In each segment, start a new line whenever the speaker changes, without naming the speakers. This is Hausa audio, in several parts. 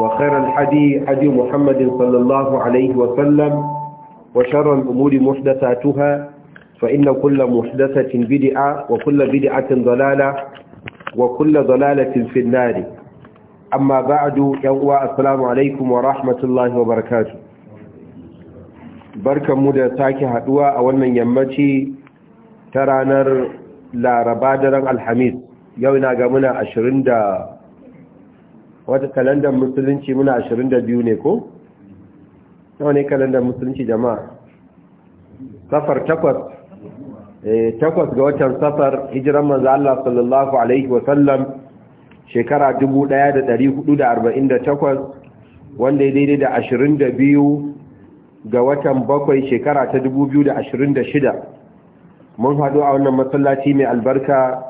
وخير الحدي حدي محمد صلى الله عليه وسلم وشر الأمور محدثاتها فإن كل محدثة بدعة وكل بدعة ضلالة وكل ضلالة في النار أما بعد يوء السلام عليكم ورحمة الله وبركاته بركة مدى ساكي هدوى أولا يمتي ترانر لا ربادر الحميد يونا قامنا أشرين دا wata kalandar musulunci muna 22 ne ko? nawa ne kalandar musulunci jama'a safar takwas eh, takwas ga watan safar hijiran manzo Allah sallallahu alaihi wasallam shekara 1448 wanda ya daidai da 22 ga watan bakwai shekara ta 2026 mun haɗu a wannan masallaci mai albarka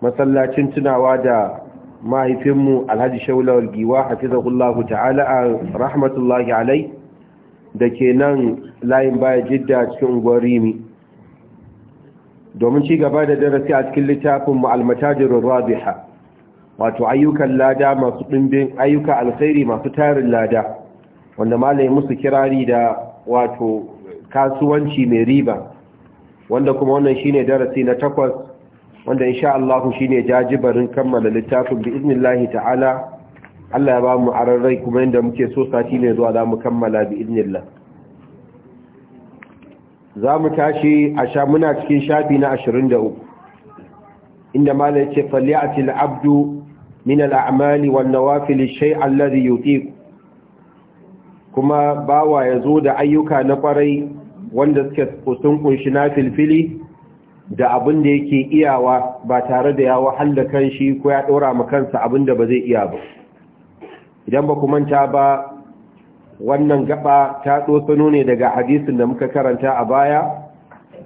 masallacin tunawa da mahaifinmu alhaji shaulawar giwa hafizahullahu ta'ala a rahmatullahi alai da ke nan layin baya jidda cikin unguwar rimi domin ci gaba da darasi a cikin littafin almatajirin rabiha wato ayyukan lada masu ɗimbin ayyuka alkhairi masu tarin lada wanda malaye musu kirari da wato kasuwanci mai riba wanda kuma wannan shine darasi na takwas wanda sha Allah ne jajibarin kammala littafin bi iznillahi ta'ala Allah ya ba mu ararrai kuma yadda muke so sati ne zuwa za mu kammala bi iznillah za mu tashi a sha muna cikin shafi na ashirin 23 inda malai ce falyati abdu min al'amali fili shai Allah da yutiq kuma bawa ya zo da ayyuka na kwarai wanda suke sun kunshi na filfili da abin da yake iyawa ba tare da ya wahala kan shi ko ya ɗora ma kansa abin da ba zai iya ba idan ba manta ba wannan gaba ta ɗosano ne daga hadisin da muka karanta a baya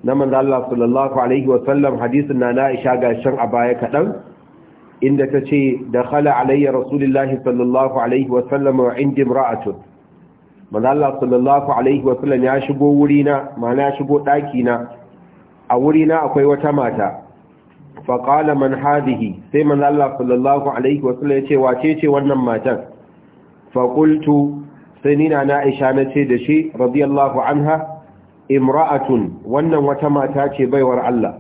na manzo Allah sallallahu alaihi wasallam hadisin na Aisha gashin a baya kaɗan inda ta ce da khala alayya rasulullahi sallallahu alaihi wasallam wa indi imra'atun manzo Allah sallallahu alaihi wasallam ya shigo wurina ma'ana ya shigo ɗakina a wurina akwai wata mata faƙala man hadihi sai man Allah sallallahu alaihi wasallam ya ce wace ce wannan matan faƙultu sai nina na aisha na ce da shi radiyallahu anha imra'atun wannan wata mata ce baiwar Allah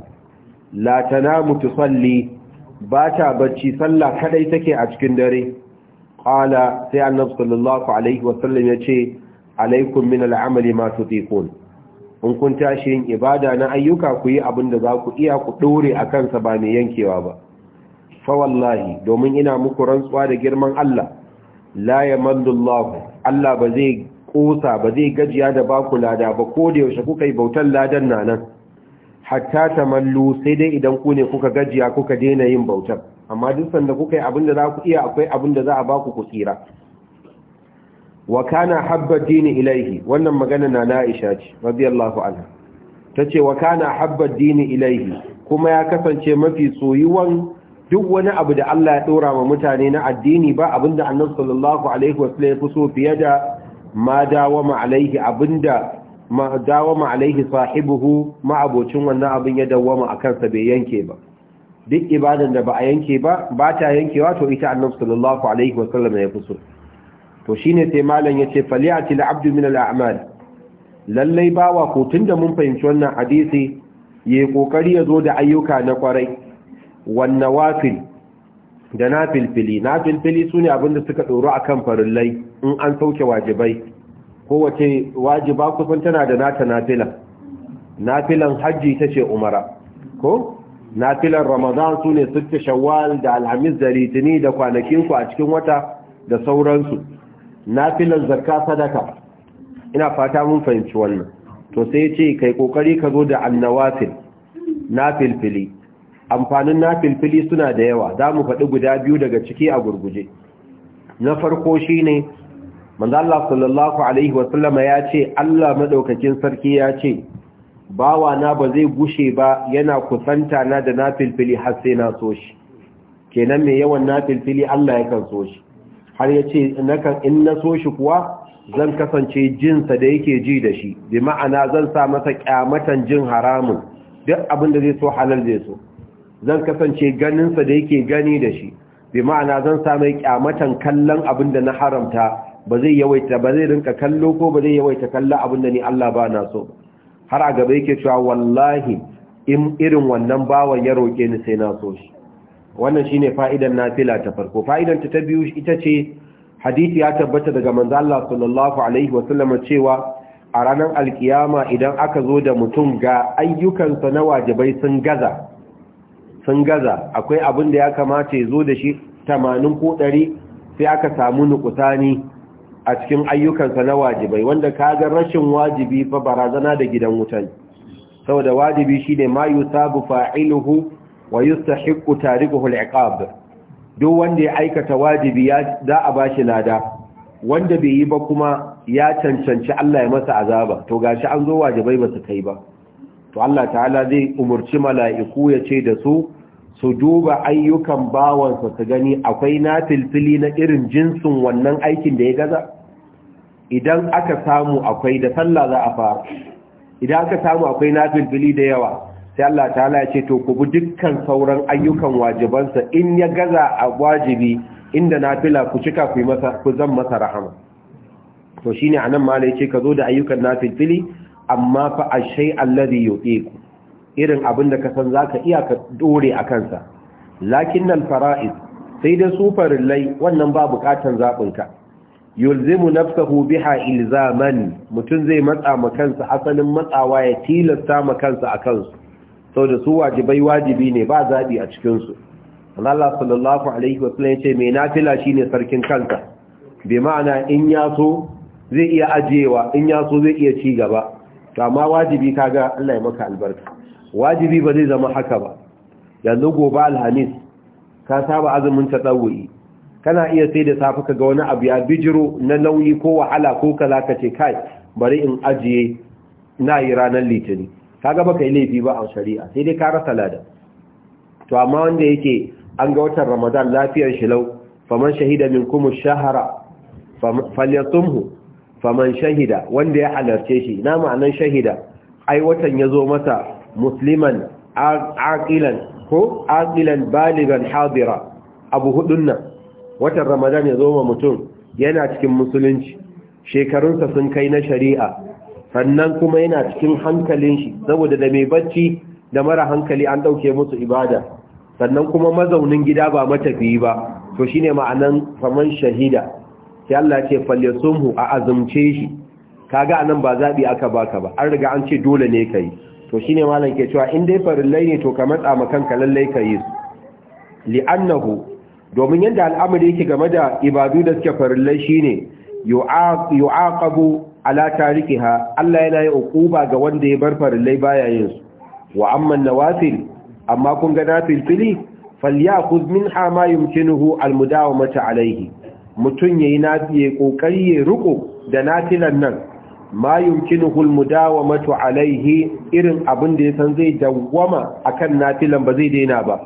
la tanamu tusalli ba ta bacci sallah kadai take a cikin dare qala sai annabi sallallahu alaihi wasallam ya ce alaikum min al'amali ma tutiqun in kun tashi yin ibada na ayyuka ku yi abin da za ku iya ku ɗore a kansa ba mai yankewa ba fa wallahi domin ina muku rantsuwa da girman Allah la ya yamallullahu Allah ba zai kosa ba zai gajiya da baku lada ba ko da yaushe kuka yi bautan ladan na nan hatta mallu sai dai idan ku ne kuka gajiya kuka daina yin bautar, amma duk sanda kuka yi abin da za ku iya akwai abin da za a baku ku tsira wa kana habba dini ilaihi wannan magana na na'isha ce radiyallahu anha tace wa kana habba dini ilaihi kuma ya kasance mafi soyuwan duk wani abu da Allah ya dora wa mutane na addini ba abinda annabi sallallahu alaihi wasallam ya fi so fiye da ma dawama alaihi abinda ma dawama alaihi sahibuhu ma abocin wannan abin ya dawama akan sa bai yanke ba duk ibadan da ba a yanke ba ba ta yankewa to ita annabi sallallahu alaihi wasallam ya fi so to shine sai malam yace faliyati al-abdu min al-a'mal lallai bawa ko tunda mun fahimci wannan hadisi yayi kokari zo da ayyuka na kwarai wan nawafil da nafilfili nafilfili sune abinda suka doro akan farillai in an sauke wajibai kowace wajiba kusan tana da nata nafila nafilan hajji tace umara ko nafilan ramadan sune sitta shawwal da alhamis da litini da kwanakin ku a cikin wata da sauransu nafilar zakka sadaka ina fata mun fahimci wannan to sai ce kai kokari ka zo da annawafil nafilfili amfanin nafilfili suna da yawa za mu faɗi guda biyu daga ciki a gurguje na farko shine manzo Allah sallallahu alaihi wasallama ya ce Allah madaukakin sarki ya ce bawa na ba zai gushe ba yana kusanta na da nafilfili har sai na so shi kenan me yawan nafilfili Allah yakan so shi har ya ce nakan in na so shi kuwa zan kasance jinsa da yake ji da shi bi ma'ana zan sa masa kyamatan jin haramun duk abin da zai so halal zai so zan kasance ganinsa da yake gani da shi bi ma'ana zan sa mai kyamatan kallon abin da na haramta ba zai yawaita ba zai rinka kallo ko ba zai yawaita kallon abin da ni Allah ba na so har a gaba yake cewa wallahi in irin wannan bawan ya roƙe ni sai na so shi wannan shine fa'idan nafila ta farko fa'idan ta biyu ita ce hadisi ya tabbata daga manzo Allah sallallahu alaihi wasallam cewa a ranar alkiyama idan aka zo da mutum ga ayyukansa na wajibai sun gaza sun gaza akwai abin da ya kamata ya zo da shi 80 ko 100 sai aka samu nukusani a cikin ayyukansa na wajibai wanda kaga rashin wajibi fa barazana da gidan wutan saboda wajibi shine ma yusabu fa'iluhu wa yustahiqqu tarikuhu al-iqab duk wanda ya aikata wajibi ya za a bashi lada wanda bai yi ba kuma ya cancanci Allah ya masa azaba to gashi an zo wajibai ba su kai ba to Allah ta'ala zai umurci mala'iku ya ce da su su duba ayyukan bawansa su gani akwai na filfili na irin jinsin wannan aikin da ya gaza idan aka samu akwai da sallah za a fara idan aka samu akwai na filfili da yawa sai Allah ta'ala ya ce to ku bi dukkan sauran ayyukan wajibansa in ya gaza a wajibi inda na fila ku cika ku zan masa rahama to shi a anan ma yace ka zo da ayyukan na filfili amma fa a shai ashay yi ku irin abin da kasan san ka iya ka dore a kansa. lakin nan fara'id sai da su farillai wannan ba bukatan zabin ka yulzimu nafsahu biha ilzaman Mutum zai matsa ma kansa asalin matsawa ya tilasta ma kansa a kansu. Sau da su wajibai wajibi ne ba zaɓi a cikin su Allah sallallahu alaihi wasallam yace mai nafila ne sarkin kanka bi ma'ana in ya zai iya ajiyewa in ya so zai iya ci gaba to amma wajibi ga, Allah ya maka albarka wajibi ba zai zama haka ba yanzu gobe alhamis ka saba azumin ta tadawuri kana iya sai da safi ga wani abu ya bijiro na nauyi ko wahala ko kala ka ce kai bari in ajiye na yi ranar litinin. kaga baka yi laifi ba a shari'a sai dai ka rasa lada to amma wanda yake an ga watan Ramadan lafiyar shi lau faman shahida kuma ash-shahra falyasumhu faman shahida wanda ya halarce shi na ma'anan shahida ai watan yazo masa musliman aqilan ko aqilan baligan hadira abu hudun nan watan Ramadan ya zo ma mutum yana cikin musulunci shekarunsa sun kai na shari'a sannan kuma yana cikin hankalin shi saboda da mai bacci da mara hankali an ɗauke musu ibada sannan kuma mazaunin gida ba matafiyi ba to shine ma'anan faman shahida sai Allah ce falyasumhu a azumce shi kaga anan ba zabi aka baka ba an riga an ce dole ne kai to shine malam ke cewa in dai farillai ne to ka matsa ma kanka lallai kai su li'annahu domin yanda al'amari yake game da ibadu da suke farillai shine yu'aqabu ala ha, Allah yana yi uquba ga wanda ya bar farillai baya yin su wa amma nawafil amma kun ga nafil fili falyakhudh minha ma yumkinuhu almudawamata alayhi mutun yayi ya kokari ya ruku da nafilan nan ma yumkinuhu almudawamatu alayhi irin abin da ya san zai dawwama akan nafilan ba zai daina ba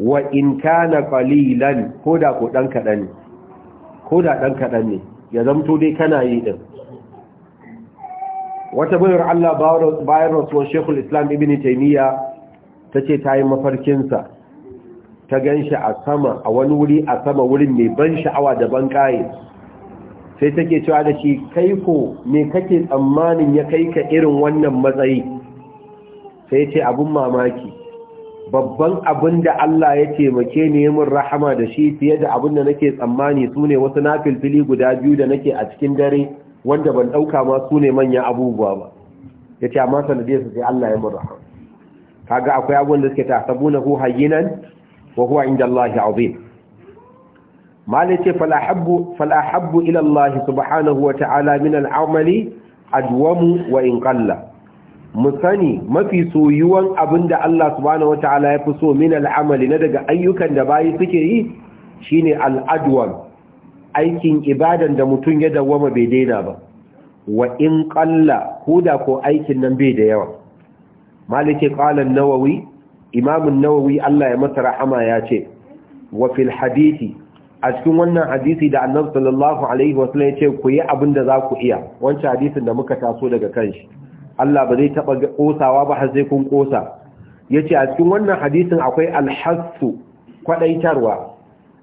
wa in kana qalilan koda ko dan kadan ne koda dan kadan ne ya zamto dai kana yi din wata bayar Allah bayan rasuwar shekul islam ibn taimiyya ta ce ta yi mafarkinsa ta gan shi a sama a wani wuri a sama wurin mai ban sha'awa da ban kaye sai ta ke cewa da shi kai ko me kake tsammanin ya kai ka irin wannan matsayi sai ce abun mamaki babban abin da Allah ya ce taimake ni mun rahama da shi fiye da abin da nake tsammani su ne wasu na filfili guda biyu da nake a cikin dare wanda ban ɗauka ma su ne manyan abubuwa ba ya ce amma sanadiyar su sai Allah ya mura kaga akwai abubuwan da suke ta sabu na huwa yinan wa huwa inda Allah ya azim malai ce falahabbu ila Allah subhanahu wa ta'ala min al'amali adwamu wa in qalla mu sani mafi soyuwan abin da Allah subhanahu wa ta'ala ya fi so min al'amali na daga ayyukan da bayi suke yi shine al'adwam aikin ibadan da mutum ya dawwama bai daina ba wa in qalla huda ko aikin nan bai da yawa malike qala nawawi imam nawawi Allah ya masa rahama ya ce wa fil hadisi a cikin wannan hadisi da annabi sallallahu alaihi wasallam ya ce ku yi abin da za ku iya wancan hadisin da muka taso daga kanshi Allah ba zai taba kosawa ba har sai kun kosa yace a cikin wannan hadisin akwai al-hassu kwadaitarwa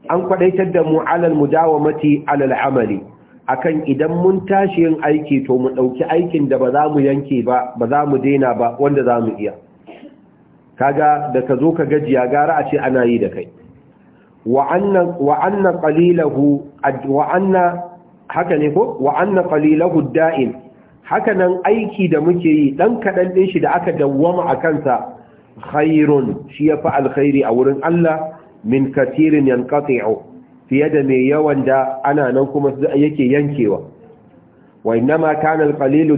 an kwadaitar da mu alal mudawamati alal amali akan idan mun tashi yin aiki to mu dauki aikin da ba za mu yanke ba ba za mu daina ba wanda za mu iya kaga da ka zo ka gajiya gara a ce ana yi da kai wa anna qalilahu wa anna haka ne ko wa anna qalilahu da'in haka nan aiki da muke yi dan kadan din shi da aka dawwama akan sa khairun shi yafi alkhairi a wurin Allah min katirin yanqati'u fiye da mai yawan da ana nan kuma yake yankewa wa innama kana alqalilu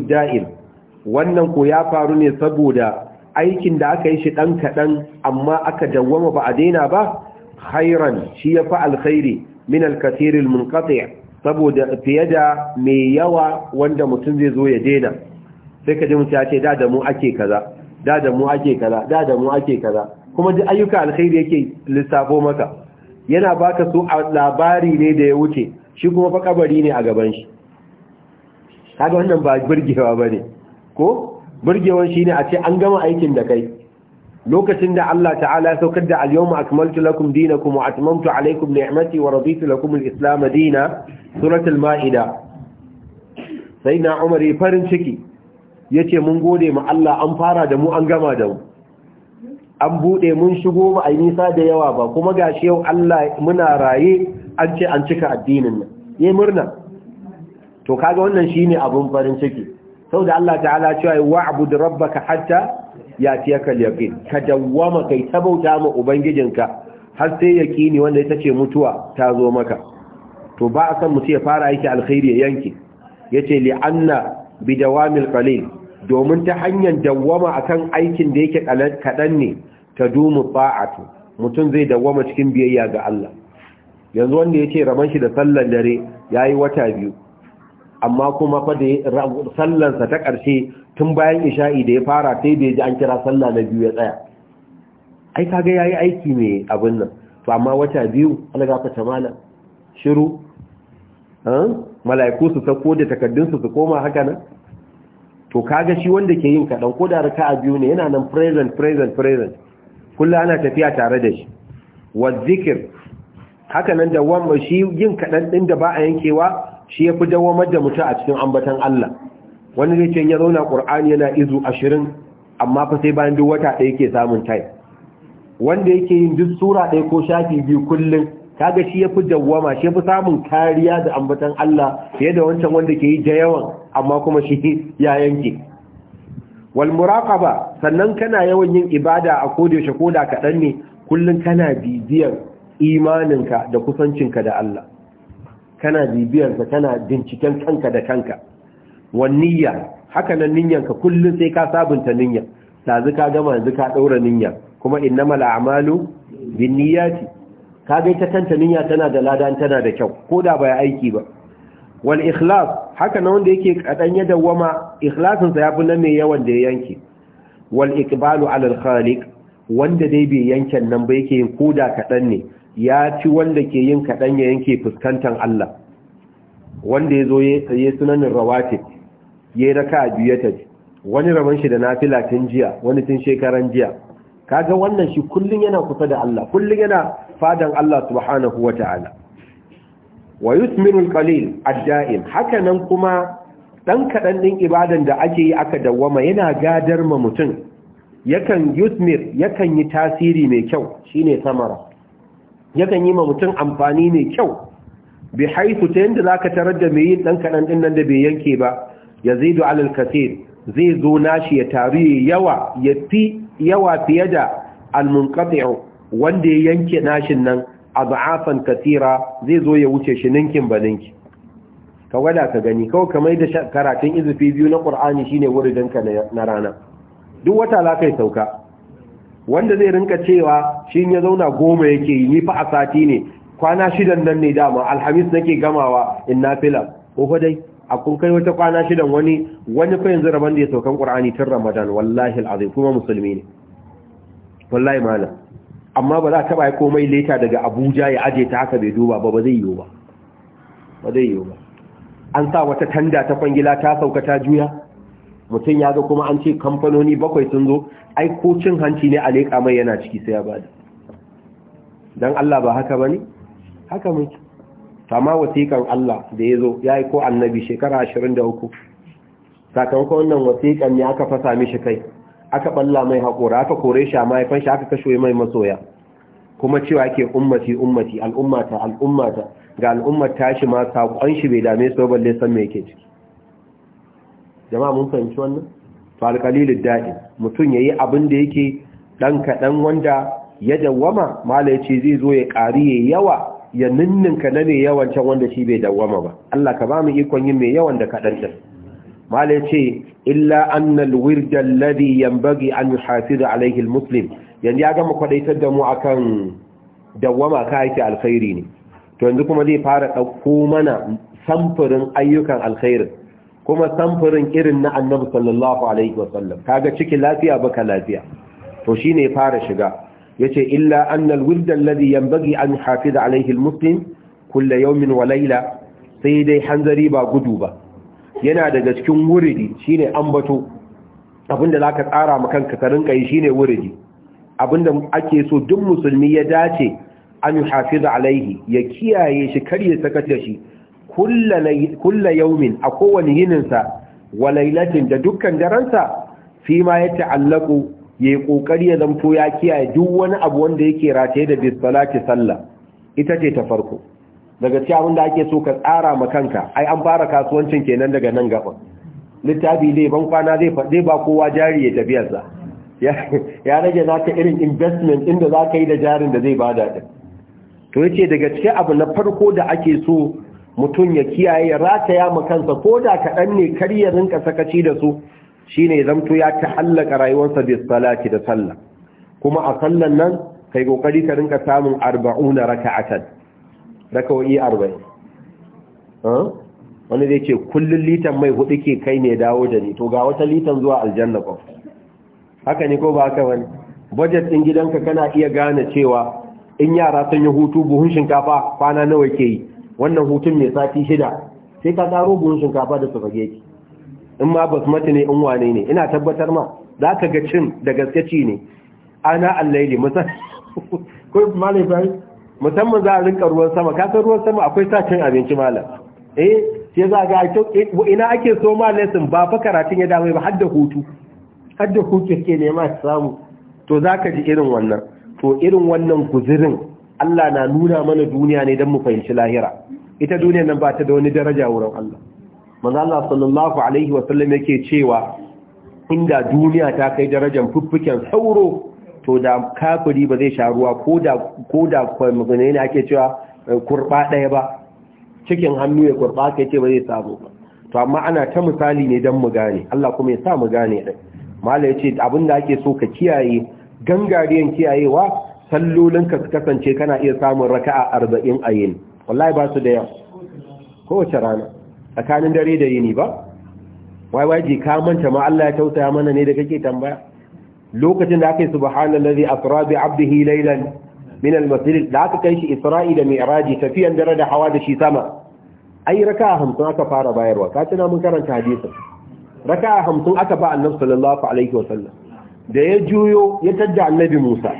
wannan ko ya faru ne saboda aikin da aka yi shi ɗan kaɗan amma aka dawwama ba a daina ba khairan shi ya fa alkhairi min alkathir saboda fiye da mai yawa wanda mutum zai zo ya daina sai ka ji mutum ya ce da da mu ake kaza da da mu ake kaza da da mu ake kaza kuma ji ayyuka alkhairi yake lissafo maka yana baka su a labari ne da ya wuce shi kuma fa kabari ne a gaban shi kaga wannan ba burgewa bane ko burgewan shine a ce an gama aikin da kai lokacin da Allah ta'ala ya saukar da al-yawma akmaltu lakum dinakum wa atmamtu alaykum ni'mati wa raditu lakum al-islam dinan suratul maida sai na umar farin ciki yace mun gode ma Allah an fara da mu an gama da mu an buɗe mun shigo mu a nisa da yawa ba kuma ga shi yau Allah muna raye an ce an cika addinin nan yayi murna to kaga wannan shine abun farin ciki saboda Allah ta'ala cewa wa'bud rabbaka hatta yatiyaka al-yaqin ka dawwama kai tabauta ma ubangijinka har sai yaqini wanda ita ce mutuwa ta zo maka to ba a san mutum ya fara aiki alkhairi ya yanke yace li'anna bidawamil qalil domin ta hanyar dawwama akan aikin da yake kaɗan ne ta dumu ba'atu mutum zai dawwama cikin biyayya ga Allah yanzu wanda ya ce raman shi da sallan dare ya yi wata biyu amma kuma fa da sallansa ta ƙarshe tun bayan isha'i da ya fara sai bai ji an kira sallah na biyu ya tsaya ai kaga ya yi aiki mai abin nan to amma wata biyu algafata mala shiru mala'iku su sako da takaddunsu su koma haka nan to ga shi wanda ke yin kaɗan ko da a biyu ne yana nan present present present kullum ana tafiya tare da shi wa zikir haka nan da wamma shi yin kaɗan ɗin da ba a yankewa shi ya fi dawamar da mutum a cikin ambatan Allah wani zai ya zauna ƙur'ani yana izu ashirin amma fa sai bayan duk wata ɗaya ke samun tai wanda yake yin duk sura ɗaya ko shafi biyu kullum Ka ga shi yafi dawwama shi yafi samun kariya da ambatan Allah fiye da wancan wanda ke yi jayawan amma kuma shi ya yanke wal muraqaba sannan kana yawan yin ibada a koda yaushe koda kaɗan ne kullum kana bibiyar imaninka da kusancinka da Allah kana bibiyar ka kana binciken kanka da kanka wan niyya haka nan ka kullum sai ka sabunta niyya dazu ka gama yanzu ka daura niyya kuma innamal a'malu binniyati kaga ita kanta niyya tana da lada tana da kyau ko da ba aiki ba wal ikhlas haka na wanda yake kadan ya dawama ikhlasin sa yafi na mai yawan da ya yanke wal iqbalu ala al khaliq wanda dai bai yanken nan ba yake yin koda kadan ne ya ci wanda ke yin kadan ya yanke fuskantar Allah wanda yazo ya sunanin rawatib yayi raka biyu ya tafi wani raman shi da nafila tun jiya wani tun shekaran jiya kaga wannan shi kullun yana kusa da Allah kullun yana fadan Allah subhanahu wata'ala wa yusmiru al-qalil ad-da'im haka nan kuma dan kadan din ibadan da ake yi aka dawwama yana gadar ma mutum yakan yusmir yakan yi tasiri mai kyau shine samara yakan yi ma mutum amfani mai kyau bi haythu ta yanda zaka tarar da mai yin dan kadan din nan da bai yanke ba yazidu alal kaseer zai zo nashi ya taru yawa ya fi yawa fiye da almunqati'u wanda ya yanke nashin nan a azafan katira zai zo ya wuce shi ninkin baninki ka gwada ka gani kawai kamar da karatun izufi biyu na qur'ani shine wuridin ka na rana duk wata la sauka wanda zai rinka cewa shi ya zauna goma yake yi ni fa a sati ne kwana shidan nan ne dama alhamis nake gamawa in filan, ko dai a kun kai wata kwana shidan wani wani kai yanzu rabon da ya saukan qur'ani tun ramadan wallahi alazim kuma musulmi ne wallahi malam amma ba za ta bai komai leta daga abuja ya aje ta haka bai duba ba ba zai yiwu ba ba zai yiwu ba an sa wata tanda ta kwangila ta sauka ta juya mutum ya zo kuma an ce kamfanoni bakwai sun zo ai ko cin hanci ne a leƙa mai yana ciki sai ya bada don allah ba haka ba ne haka muke amma wasiƙan Allah da ya zo ya yi ko annabi shekara ashirin da uku sakamakon wannan wasiƙan ne aka fasa mishi kai aka balla mai haƙura, aka kore shi a mahaifan shi aka kashe mai masoya kuma cewa yake ummati ummati al'ummata al'ummata ga al'ummar tashi ma saƙon shi bai dame su balle san me yake ciki jama'a mun fahimci wannan to alƙalilin daɗi mutum ya yi abin da yake ɗan kaɗan wanda ya dawwama mala ce zai zo ya ƙari ya yawa ya ninninka na mai yawan can wanda shi bai dawwama ba Allah ka ba mu ikon yin mai yawan da kaɗanta. ɗin malai ce illa annal wirda alladhi yanbaghi an yuhafiza alayhi muslim, yanzu ya gama kwadaitar da mu akan dawwama ka haifi alkhairi ne to yanzu kuma zai fara ɗauko mana samfurin ayyukan alkhairin kuma samfurin irin na annabi sallallahu alaihi wasallam kaga cikin lafiya baka lafiya to shine fara shiga Ya ce illa annal Ladi ya bagi an hafiza alayhi almuslim kullu yawmin wa sai dai hanzari ba gudu ba yana daga cikin wuridi shine ambato abinda zaka tsara ma kanka ka rinka yi shine wuridi abinda ake so duk musulmi ya dace an hafiza alaihi ya kiyaye shi kar ya saka da shi kullu yaumin a kowane yininsa wa laylatin da dukkan daransa fi ma ya ta'allaku ya yi ƙoƙari ya zamto ya kiyaye duk wani abu wanda yake rataye da bisalati sallah ita ce ta farko daga cikin abin da ake so ka tsara ma kanka ai an fara kasuwancin kenan daga nan gaba littafi zai ban kwana zai ba kowa jari ya tafiyarsa ya rage za ka irin investment inda za ka yi da jarin da zai bada ɗin to yace daga cikin abu na farko da ake so mutum ya kiyaye ya rataya ma kansa ko da kaɗan ne kar ya rinka sakaci da su shine zamto ya ta'allaka rayuwarsa da salati da sallah kuma a sallan nan kai kokari ka rinka samun 40 raka'atan rakawi 40 wani zai ce kullun litan mai hudu ke kai ne dawo da ni to ga wata litan zuwa aljanna ko haka ne ko ba haka wani budget din gidanka kana iya gane cewa in yara sun yi hutu buhun shinkafa kwana nawa ke yi wannan hutun mai sati shida sai ka karo buhun shinkafa da su fage ki in ma basmati ne in wane ne ina tabbatar ma za ka ga cin da gaske ci ne ana allaili musamman za a rinka ruwan sama kasar ruwan sama akwai sacin abinci malam eh sai za ga eh, ina ake so ma lesson ba fa karatun ya dawo ba har da hutu har da hutu ke nema ta samu to za ka ji irin wannan to irin wannan guzirin Allah na nuna mana duniya ne don mu fahimci lahira ita duniyar nan ba ta da wani daraja wurin Allah manzo Allah sallallahu alaihi wa yake cewa inda duniya ta kai darajar fuffuken sauro to da kafiri ba zai sha ruwa ko da kwanne magana ne ake cewa eh, kurba ɗaya ba cikin hannu ya kurba ka ce ba zai samu ba to amma ana ta misali ne don mu gane Allah kuma ya sa mu gane ya ce abin da ake so ka kiyaye gangariyan kiyayewa sallolinka su kasance kana iya samun raka'a arba'in a yin wallahi ba su da yawa kowace rana tsakanin dare da yini ba wai waje ka manta ma Allah ya tausaya mana ne da kake tambaya lokacin da aka yi subhanallazi asra bi abdihi laylan min al-masjid da aka kai shi isra'i da mi'raji tafiyan dare da hawa da shi sama ai raka'a 50 aka fara bayarwa ka tuna mun karanta hadisin raka'a 50 aka ba annabi sallallahu alaihi wasallam da ya juyo ya tadda annabi Musa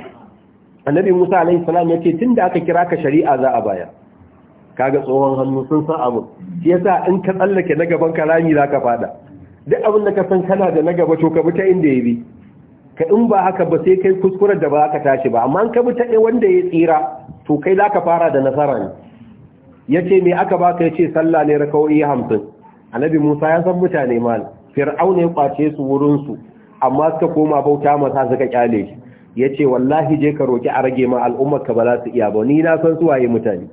annabi Musa alaihi salam yace tunda aka kira ka shari'a za a bayar kaga tsohon hannu sun san abu shi yasa in ka tsallake na gaban ka rami ka fada duk abin da ka san kana da na gaba to ka bi ta inda ya bi ka in ba haka ba sai kai kuskuren da ba ka tashi ba amma in ka bi ta wanda ya tsira to kai za ka fara da nasara ne ce me aka ba ka ya ce sallah ne rakawoyi hamsin? annabi Musa ya san mutane mal fir'auna ya kwace su wurin su amma suka koma bauta masa suka kyale shi Ya ce wallahi je ka roki a rage ma al'ummar ka ba za su iya ba ni na san su waye mutane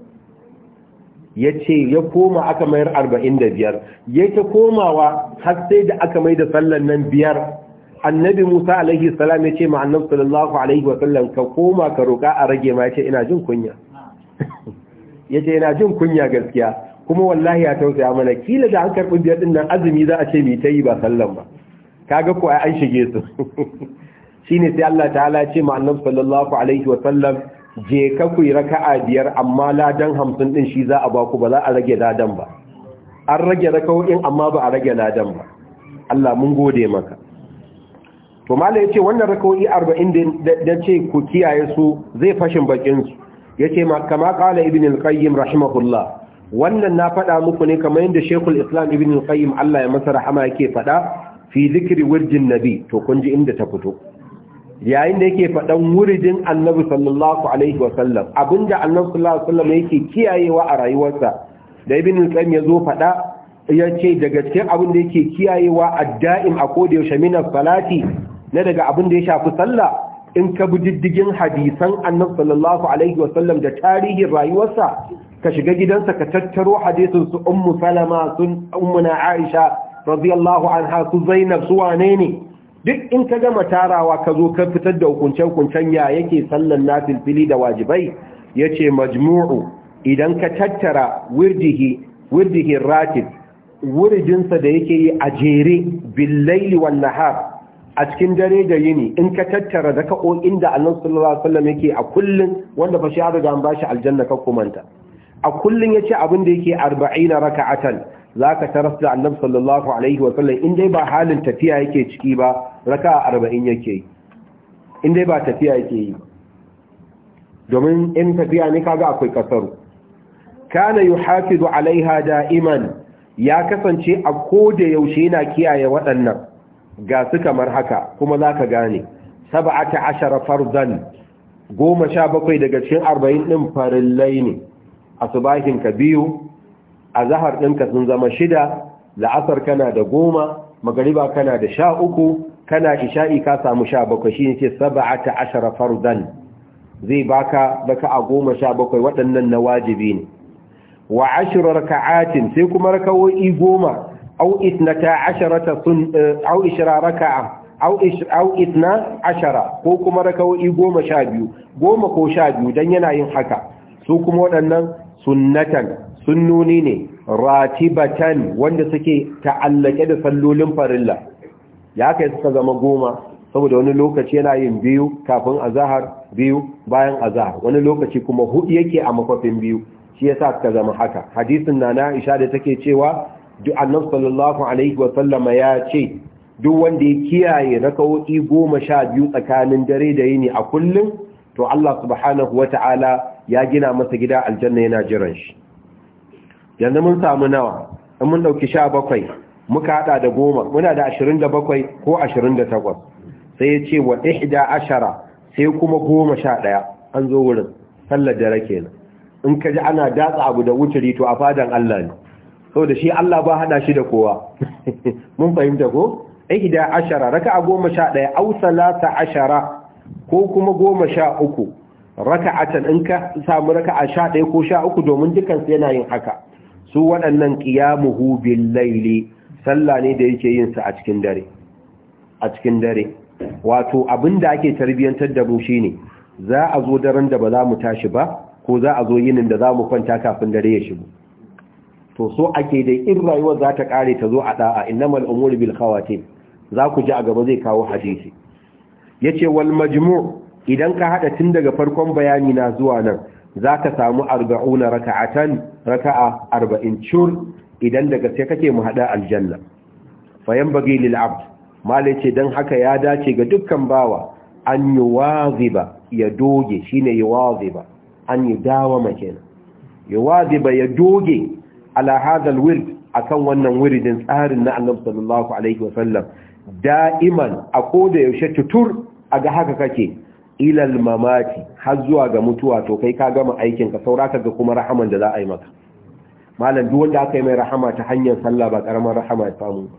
ya ce ya koma aka mayar arba'in da biyar ya ta komawa har sai da aka mai da sallan nan biyar annabi musa alaihi salam ya ce ma sallallahu alaihi wa sallam ka koma ka roƙa a rage ma ya ce ina jin kunya ya ce ina jin kunya gaskiya kuma wallahi ya tausaya mana kila da an karɓi biyar din nan azumi za a ce mai ta yi ba sallan ba kaga ko ai an shige su shine sai Allah ta'ala ya ce ma sallallahu alaihi wa sallam je ka ku yi raka'a biyar amma ladan hamsin din shi za a ba ku ba za a rage ladan ba an rage raka'o'in amma ba a rage ladan ba Allah mun gode maka to mala yace wannan raka'o'i 40 da ce ku kiyaye su zai fashin bakin su yace kama qala ibn al-qayyim rahimahullah wannan na faɗa muku ne kamar yadda Sheikhul Islam Ibn Qayyim Allah ya masa rahama yake faɗa fi zikri wirjin nabi to kun ji inda ta fito yayin da yake faɗan wuridin annabi sallallahu alaihi wasallam abinda annabi sallallahu alaihi wasallam yake kiyayewa a rayuwarsa da ibn al-qayyim ya zo faɗa ya ce daga cikin abin da yake kiyayewa a da'im a koda yaushe min salati na daga abin da ya shafi sallah in ka bi diddigin hadisan annabi sallallahu alaihi wasallam da tarihin rayuwarsa ka shiga gidansa ka tattaro hadisin su ummu salama sun ummuna aisha radiyallahu anha su zainab su wane ne duk in ka gama tarawa ka zo ka fitar da hukuncen-hukuncen ya yake sallan na da wajibai ya ce majmu'u idan ka tattara wirdihin ratib wurijinsa da yake yi a jere billaili wan nahar a cikin dare da yini in ka tattara da ka'o'in da annabi sallallahu alaihi wasallam yake a kullum, wanda fa shi ya riga an bashi aljanna ka kumanta a kullum ya ce abin da yake arba'ina raka'atan za ka taras da annabi sallallahu alaihi wasallam in dai ba halin tafiya yake ciki ba raka arba'in yake yi in dai ba tafiya yake yi domin in tafiya ne kaga akwai kasaru kana yuhafizu alaiha da'iman ya kasance a koda yaushe yana kiyaye waɗannan ga su kamar haka kuma za ka gane sab'ata ashara farzan goma sha bakwai daga cikin arba'in ɗin farillai ne A ka biyu a zahar ɗinka sun zama shida la'asar kana da goma magariba kana da sha uku kana isha'i ka samu sha bakwai shi ne ce saba'ata ashara farzan zai baka baka a goma sha bakwai waɗannan na wajibi ne wa ashirar ka'atin sai kuma raka'o'i goma au isnata asharata sun eh, au ishira raka'a au isna ashara ko kuma raka'o'i goma sha biyu goma ko sha biyu don yana yin haka su kuma waɗannan sunnatan sunnuni ne ratibatan wanda suke ta'allake da sallolin farilla ya kai suka zama goma saboda wani lokaci yana yin biyu kafin azahar biyu bayan azahar wani lokaci kuma hudu yake a makwafin biyu shi yasa suka zama haka hadisin na na isha da take cewa duk annabi sallallahu alaihi wa sallama ya ce duk wanda ya kiyaye rakawoyi goma sha biyu tsakanin dare da yini a kullum to Allah subhanahu wa ta'ala ya gina masa gida aljanna yana jiran shi yanzu mun samu nawa in mun dauki 17 muka hada da 10 muna da 27 ko 28 sai ya ce wa 11 sai kuma 11 an zo wurin sallar dare kenan in kaji ana datsa abu da wuturi to a fadan Allah ne saboda shi Allah ba hada shi da kowa mun fahimta ko ihda ashara raka'a 11 au 13 ko kuma 13 raka'atan in ka samu raka'a sha ɗaya ko sha uku domin dukansu yana yin haka su waɗannan qiyamuhu bil laili sallah ne da yake yin sa a cikin dare a cikin dare wato da ake tarbiyyantar da mu ne, za a zo daren da ba za mu tashi ba ko za a zo yinin da za mu kwanta kafin dare ya shigo to so ake dai in rayuwar za ta kare ta zo a da'a innamal umuri bil khawatim za ku ji a gaba zai kawo hadisi yace wal majmu' idan ka hada tun daga farkon bayani na zuwa nan zaka samu 40 raka'atan raka'a arba'in shur idan daga sai kake mu hada aljanna fayan bagi lil abd malai ce dan haka ya dace ga dukkan bawa an ba ya doge shine ba, an yi dawama kenan ba ya doge ala hadal wird akan wannan wiridin tsarin na Annabi sallallahu alaihi wasallam da'iman a koda yaushe tutur a ga haka kake ilal mamati har zuwa ga mutuwa to kai ka gama aikin ka saura ka ga kuma rahaman da za a yi maka malam duk wanda aka yi mai rahama ta hanyar sallah ba karamar rahama ya samu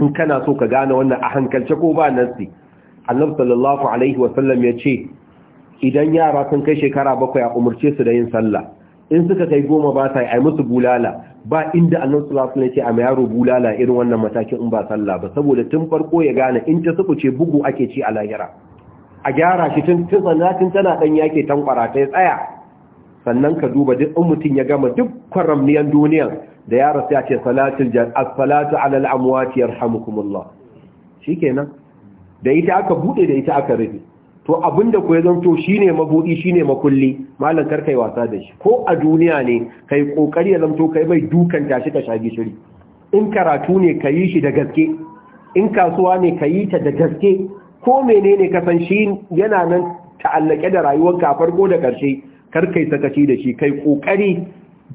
in kana so ka gane wannan a hankalce ko ba nasi annabi sallallahu alaihi wa sallam ya ce idan yara sun kai shekara bakwai a umurce su da yin sallah in suka kai goma ba sa yi musu bulala ba inda wa sallam ya ce a yaro bulala irin wannan matakin in ba sallah ba saboda tun farko ya gane in ta suku ce bugu ake ci a lahira a gyara shi tun tun tana ɗan yake tankwara ta tsaya sannan ka duba duk in mutum ya gama duk kwaramniyan duniya. da ya rasu ya ce salatun jan as-salatu ala al-amwati da ita aka buɗe da ita aka rufe to abinda ku ya zanto shine shi shine makulli malam kar kai wasa da shi ko a duniya ne kai kokari ya zanto kai mai dukan tashi ka shagi shiri in karatu ne ka yi shi da gaske in kasuwa ne ka yi ta da gaske ko menene ka san shi yana nan ta'allake da rayuwar ka farko da ƙarshe kar sakaci da shi kai kokari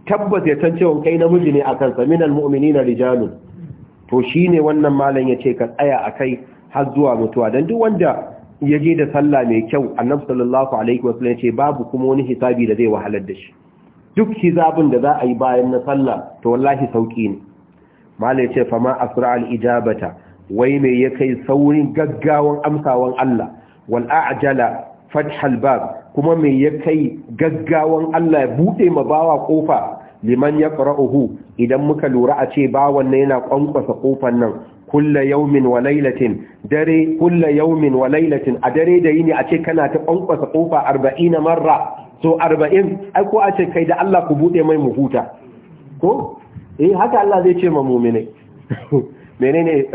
tabbas ya san cewa kai namiji ne a kansa minal mu'minina rijalu to shine wannan malam yace ka tsaya a kai har zuwa mutuwa dan duk wanda ya je da sallah mai kyau annabi sallallahu alaihi wasallam yace babu kuma wani hisabi da zai wahalar da shi duk hisabin da za a yi bayan na sallah to wallahi sauki ne malam yace fama asra al ijabata wai me ya kai saurin gaggawan amsawan Allah wal a'jala fathal bab kuma me ya kai gaggawan Allah ya bude ma bawa kofa liman yaqra'uhu idan muka lura a ce bawan na yana kwankwasa kofar nan kulla yaumin wa lailatin dare kulla yaumin wa lailatin a dare da yini a ce kana ta kwankwasa kofa 40 marra so 40 ai ko a ce kai da Allah ku bude mai mu huta ko eh haka Allah zai ce ma mu'mine menene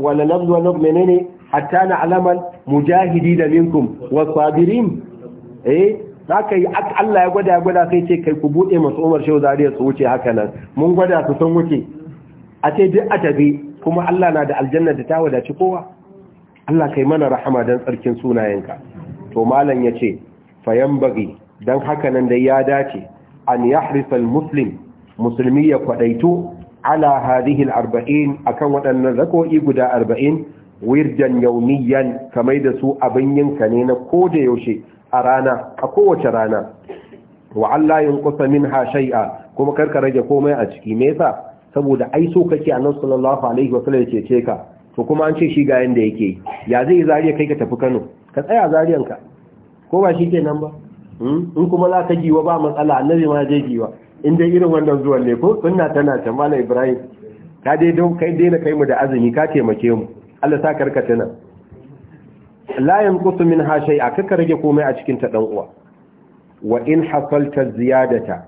wala nabdu wa menene hatta na alaman mujahidi da minkum wa sabirin eh zaka yi Allah ya gwada gwada sai ce kai ku bude masu Umar Shehu Zariya su wuce haka nan mun gwada su sun wuce a ce duk a tafi kuma Allah na da aljanna da ta wadaci kowa Allah kai mana rahama dan tsarkin sunayenka to malam yace fayan dan haka nan da ya dace an yahrisa muslim musulmi ya kwadaito ala hadhihi al-arba'in akan waɗannan rak'o'i guda 40 wirdan yawmiyan kamar da su abin yinka ne na koda yaushe a rana a kowace rana wa Allah yanqusa minha shay'a kuma karka rage komai a ciki me yasa saboda ai so kake annab sallallahu alaihi wa sallam ce ka to kuma an ce shi ga yanda yake ya zai zariya kai ka tafi Kano ka tsaya zariyanka ko ba shi ke nan ba in kuma za ka jiwa ba matsala annabi ma zai jiwa in dai irin wannan zuwan ne ko sunna tana ta malam ibrahim ka dai don kai daina kai mu da azumi ka taimake mu Allah sa karkata nan la yanqutu min ha shay'a kaka rage komai a cikin ta dan uwa wa in hasalta ziyadata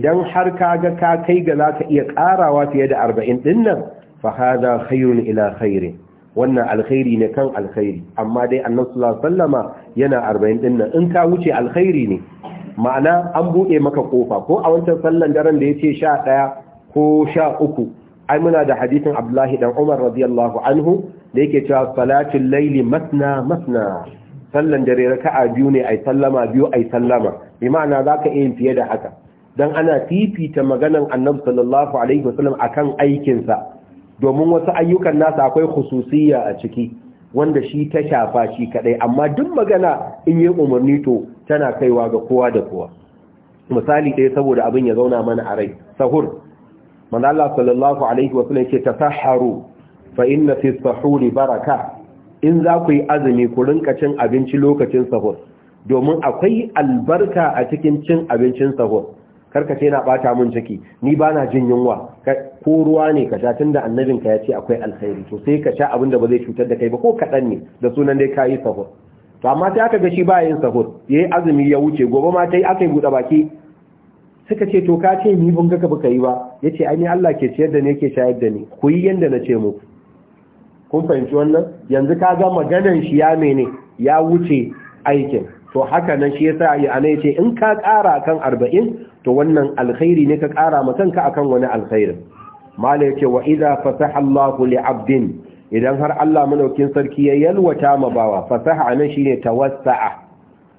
idan har ka ga ka kai ga zaka iya karawa fiye da 40 din nan fa hadha khairun ila khairin wannan alkhairi ne kan alkhairi amma dai annabi sallallahu alaihi wasallama yana 40 din nan in ka wuce alkhairi ne ma'ana an buɗe maka kofa ko a wancan sallan daren da ya ce sha ɗaya ko sha uku ai muna da hadisin abdullahi ɗan umar radiyallahu anhu da yake cewa salatin laili masna masna sallan dare raka'a biyu ne ai sallama biyu ai sallama bi ma'ana zaka iya fiye da haka dan ana fifita maganan annabi sallallahu alaihi wasallam akan aikin sa domin wasu ayyukan nasa akwai khususiyya a ciki wanda shi ta shafa shi kadai amma duk magana in yi umarni to tana kaiwa ga kowa da kowa misali ɗaya saboda abin ya zauna mana a rai sahur manzo Allah sallallahu alaihi wa sallam ce tasahharu fa inna fi sahuri baraka in za ku yi azumi ku rinka cin abinci lokacin sahur domin akwai albarka a cikin cin abincin sahur karka ce na bata mun ciki ni bana jin yunwa ko ruwa ne ka sha tunda annabin ka ya ce akwai alkhairi to sai ka sha abin da ba zai cutar da kai ba ko kaɗan ne da sunan dai kayi sahur to amma sai aka ga shi ba yin sahur yayi azumi ya wuce gobe ma tai aka yi buɗe baki suka ce to ka ce ni bunga ka baka yi ba yace ai ni Allah ke ciyar da ni yake shayar da ni ku yi yanda na ce muku kun fahimci wannan yanzu ka ga maganan shi ya mene ya wuce aikin to haka nan shi yasa yi ana yace in ka kara kan arba'in to wannan alkhairi ne ka kara ma kanka akan wani alkhairin mala yace wa idza Allahu li 'abdin idan har Allah madaukin sarki ya yalwata ma bawa fasaha anan shine tawassa'a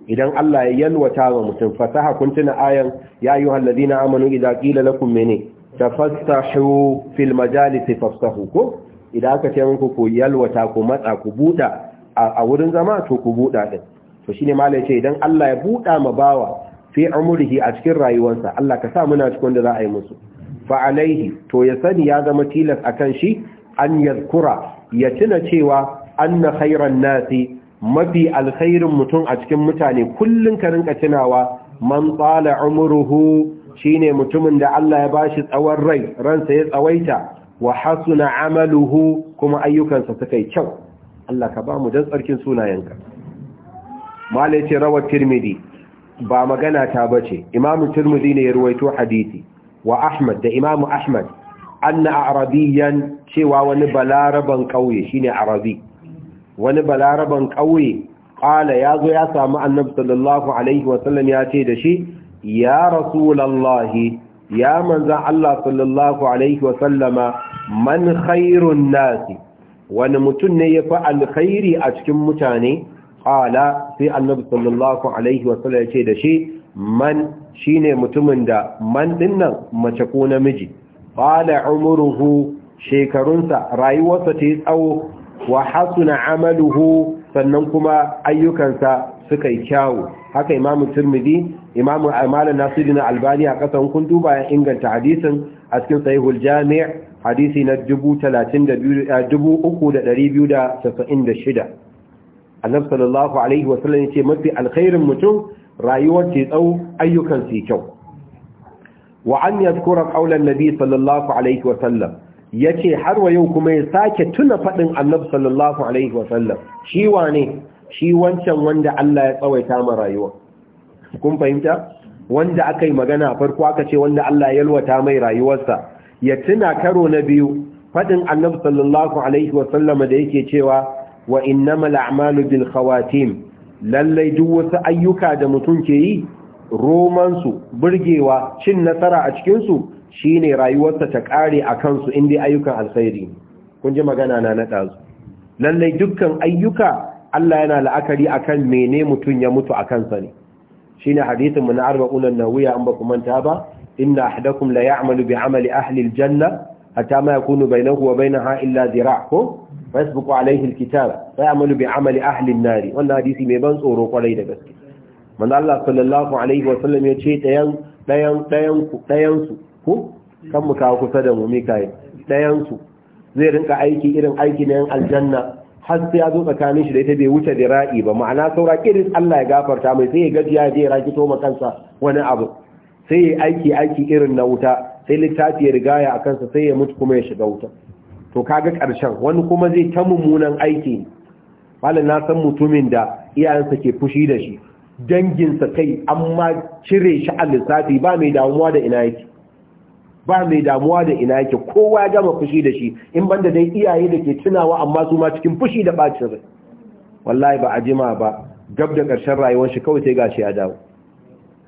idan Allah ya yalwata ma mutum fasaha kun tuna ayan ya ayyuhal ladina amanu ƙila na lakum mene tafassahu fil majalisi fafsahu ko idan aka ce muku ku yalwata ku matsa ku buɗa a wurin zama to ku buɗa din to shine malai ce idan Allah ya buɗa ma bawa fi umrihi a cikin rayuwarsa Allah ka sa muna cikin da za a yi musu fa to ya sani ya zama tilas akan shi an yadkura ya tuna cewa anna khairan nasi mafi alkhairin mutum a cikin mutane kullum ka rinka tunawa man tsala umruhu shine mutumin da Allah ya bashi tsawon rai ransa ya tsawaita wa hasuna amaluhu kuma ayyukansa suka yi kyau Allah ka ba mu dan tsarkin sunayenka malai ce rawar tirmidhi ba magana ta bace imamu tirmidhi ne ya ruwaito hadisi wa Ahmad da Imam Ahmad anna arabiyan cewa wani balaraban kauye shine arabi wani balaraban kauye qala yazo ya samu annabi sallallahu alaihi wa sallam ya ce da shi ya rasulullahi ya manzan Allah sallallahu alaihi wa sallama man khairun nasi wani mutum ne ya fi alkhairi a cikin mutane ƙala sai annabi sallallahu alaihi sallam ya ce da shi man shine mutumin da man dinnan mace ko namiji qala umruhu shekarunsa rayuwarsa ta yi tsawo wa hasuna amaluhu sannan kuma ayyukansa suka yi kyawu haka imamu turmidi imamu amalan nasiru na albani a kasan kun duba ya inganta hadisin a cikin sahihul jami' hadisi na 3296 eh, annab sallallahu alaihi wasallam ya ce mafi alkhairin mutum rayuwar ce tsawo ayyukan su kyau wa an yadhkura qawlan nabi sallallahu alaihi wa sallam yace har wa yau kuma ya sake tuna fadin annabi sallallahu alaihi wa sallam shi wane shi wancan wanda Allah ya tsawaita ma rayuwa kun fahimta wanda akai yi magana farko aka ce wanda Allah ya yalwata mai rayuwarsa ya tuna karo na biyu fadin annabi sallallahu alaihi wa sallam, da yake cewa wa innamal a'malu bil khawatim lallai duk wasu ayyuka da mutum ke yi romansu burgewa cin nasara a cikinsu shi ne rayuwarsa ta ƙare a kansu inda ayyukan ne. kun ji magana na na su lallai dukkan ayyuka Allah yana la'akari akan kan mene mutum ya mutu a kansa ne shi ne hadisinmu na arba'unan na wuya an ba ku manta ba inna ahdakum la ya'malu bi amali ahli aljanna hatta ma yakunu bainahu wa bainaha illa zira ko فيسبق عليه الكتاب فيعمل بعمل أهل النار وانا حديثي ميبان صورو قولي دا بس من الله صلى الله عليه وسلم يتشي تيان ku? Kan تيان هو كم مكاوكو سدمو ميكاي تيان سو zai rinka aiki irin aiki na yan aljanna har sai ya zo tsakanin shi da ita bai wuce da ra'i ba ma'ana saura kirin Allah ya gafarta mai sai ya gajiya je ya rakito ma kansa wani abu sai ya aiki aiki irin na wuta sai littafi ya rigaya a kansa sai ya mutu kuma ya shiga wuta to kaga ƙarshen wani kuma zai ta mummunan aiki malam na san mutumin da iyayensa ke fushi da shi danginsa kai amma cire shi a lissafi ba mai damuwa da ina yake ba mai damuwa da ina yake kowa ya gama fushi da shi in banda dai iyaye da ke tunawa amma su ma cikin fushi da bacin rai wallahi ba a jima ba gab da ƙarshen rayuwar shi kawai sai ga shi ya dawo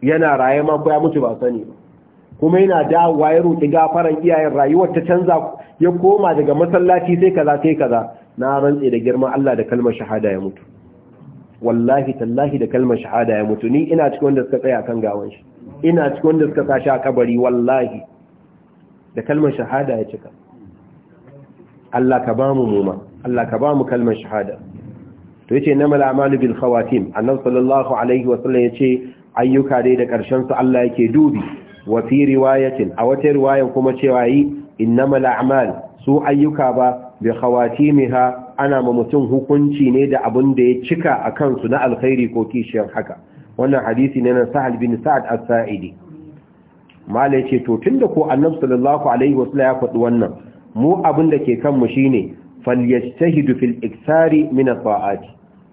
yana raye ma ko mutu ba sani ba kuma yana wa ya roƙi gafaran iyayen rayuwar ta canza ya koma daga masallaci sai kaza sai kaza na rantse da girman Allah da kalmar shahada ya mutu wallahi tallahi da kalmar shahada ya mutu ni ina cikin wanda suka tsaya kan gawan shi ina cikin wanda suka sashi a kabari wallahi da kalmar shahada ya cika Allah ka ba mu muma Allah ka ba mu kalmar shahada to yace na mal amalu bil khawatim annab sallallahu alaihi wa sallam yace ayyuka dai da karshen su Allah yake dubi wa fi riwayatin a wata riwayan kuma cewa yi innamal a'mal su ayyuka ba bi ha ana ma mutum hukunci ne da abin da ya cika a kansu na alkhairi ko kishiyar haka wannan hadisi ne na Sahal bin Sa'ad as-Sa'idi mala yace to tunda ko Annabi sallallahu alaihi wasallam ya faɗi wannan mu abin da ke kanmu shine falyajtahidu fil iksari min at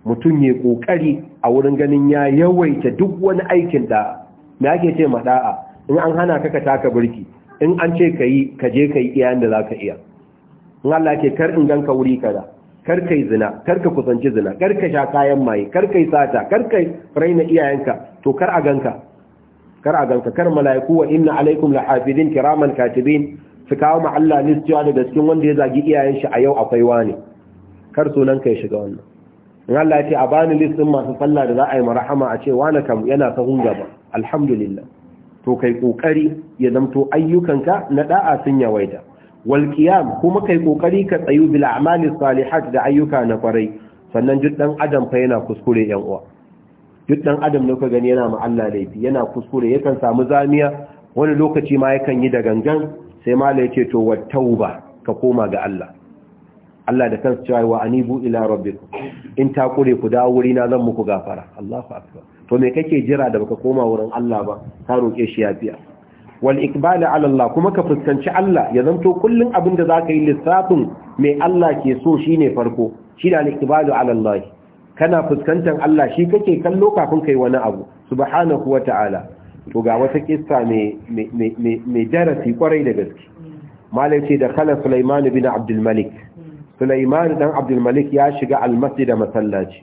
mutum ya kokari a wurin ganin ya yawaita duk wani aikin da me ake ce mada'a in an hana ka ka taka burki in an ce ka yi ka je ka yi iyayen da za ka iya in Allah ke kar in ganka wuri kaza kar kai zina kar ka kusanci zina kar ka sha kayan maye kar kai sata kar kai raina iyayenka to kar a ganka kar a ganka kar mala'iku wa inna alaikum lahafizin kiraman katibin su kawo ma Allah listiwa da cikin wanda ya zagi iyayen shi a yau akwai wani kar sunan ka ya shiga wannan in Allah ya ce a bani listin masu sallah da za a yi marhama a ce wani kam yana sahun gaba alhamdulillah to kai kokari ya zamto ayyukanka na da'a sun yawaita wal qiyam kuma kai kokari ka tsayu bil a'mali salihat da ayyuka na kwarai sannan duk dan adam fa yana kuskure yan uwa duk dan adam ne ka gani yana ma Allah laifi yana kuskure yakan samu zamiya wani lokaci ma yakan yi da gangan sai mala yace to wat tauba ka koma ga Allah Allah da kansa cewa wa anibu ila rabbikum in ta kure ku dawo wuri na zan muku gafara Allahu akbar to me kake jira da baka koma wurin Allah ba ka roke shi yafiya wal iqbal ala Allah kuma ka fuskanci Allah ya zanto kullun abin da zaka yi lissafin me Allah ke so shine farko shi da al ala Allah kana fuskantar Allah shi kake kallo kafin kai wani abu subhanahu wata'ala to ga wata kissa mai darasi kwarai da gaske malai ce da kala Sulaiman bin Abdul Malik hmm. Sulaiman dan Abdul Malik ya shiga al-masjid masallaci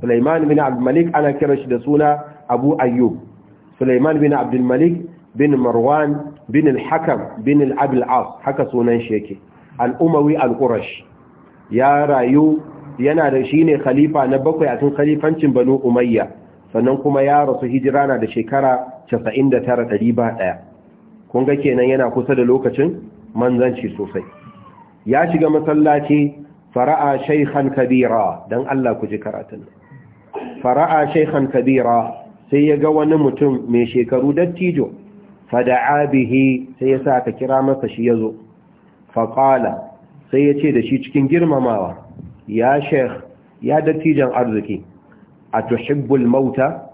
Sulaiman bin Abdul Malik ana kira shi da suna Abu Ayyub Sulaiman bin Abdul Malik bin Marwan bin Al-Hakam bin Al-Abi as haka sunan shi yake Al-Umawi Al-Qurash ya rayu yana da shine khalifa na bakwai a cikin khalifancin Banu Umayya sannan kuma ya rasu hijira na da shekara ɗaya. kun ga kenan yana kusa da lokacin manzanci sosai ya shiga masallaci fara'a shaykhan kabira dan Allah ku ji karatun fara'a shaykhan kabira sai ya ga wani mutum mai shekaru dattijo fada'a bihi sai ya sa ka kira masa shi yazo faqala sai ya ce da shi cikin girmamawa ya sheikh ya dattijan arziki a tuhibbul mauta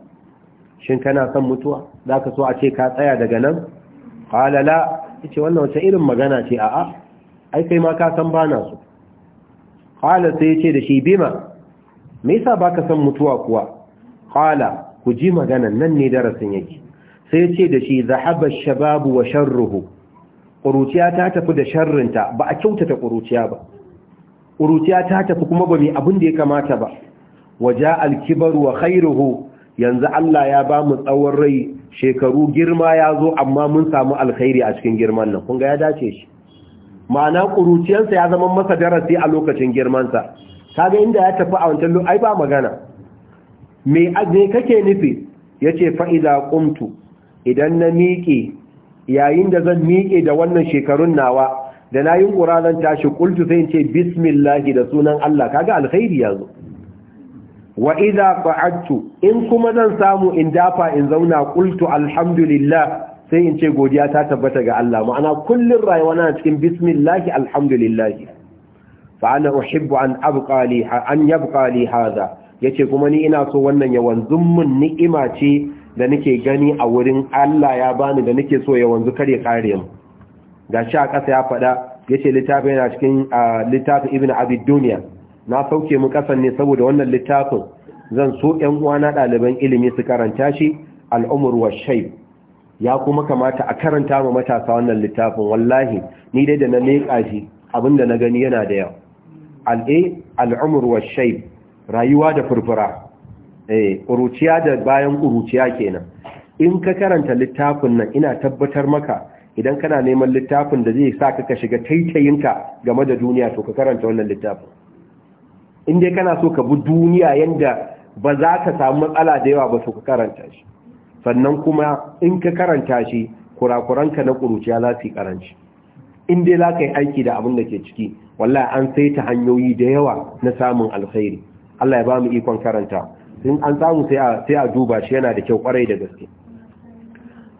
shin kana son mutuwa zaka so a ce ka tsaya daga nan qala la yace wannan wace irin magana ce a'a ai kai ma ka san bana su. qala sai ya ce da shi bima me yasa baka san mutuwa kuwa qala ku ji magana nan ne darasin yake sai ya ce da shi zahaba shababu wa sharruhu ƙuruciya ta tafi da sharrinta ba a kyautata ƙuruciya ba ƙuruciya ta tafi kuma ba mai abin da ya kamata ba waja alkibaru wa khairuhu yanzu Allah ya ba mu tsawon rai shekaru girma ya zo amma mun samu alkhairi a cikin girman nan kun ga ya dace shi ma'ana ƙuruciyarsa ya zama masa darasi a lokacin girmansa kaga inda ya tafi a wancan ai ba magana me aje kake nufi yace fa idza qumtu idan na miƙe yayin da zan miƙe da wannan shekarun nawa da na yi ƙuranan tashi kultu sai ce bismillahi da sunan Allah kaga alkhairi yanzu wa idza qa'adtu in kuma zan samu in dafa in zauna kultu alhamdulillah sai in ce godiya ta tabbata ga Allah ma'ana kullun rayuwa na cikin bismillahi alhamdulillah fa ana uhibbu an abqa li an yabqa li yace kuma ni ina so wannan ya wanzu mun ni'ima ce da nake gani a wurin Allah ya bani da nake so ya wanzu ya kare mu shi a ƙasa ya faɗa yace littafin yana cikin littafin Ibn Abi Dunya na sauke mu kasan ne saboda wannan littafin zan so 'yan uwana ɗaliban ilimi su karanta shi al-umr ya kuma kamata a karanta mu matasa wannan littafin wallahi ni dai da na leƙa shi abinda na gani yana da yawa al'e al'umur rayuwa da furfura eh ƙuruciya da bayan ƙuruciya kenan in ka karanta littafin nan ina tabbatar maka idan kana neman littafin da zai sa ka shiga taitayinka game da duniya to ka karanta wannan littafin in dai kana so ka bi duniya yadda ba za ka samu matsala da yawa ba su ka karanta shi sannan kuma in ka karanta shi kurakuranka na ƙuruciya za su yi ƙaranci in dai za ka yi aiki da abin da ke ciki wallahi an saita hanyoyi da yawa na samun alkhairi Allah ya ba mu ikon karanta in an samu sai a sai a duba shi yana da kyau kwarai da gaske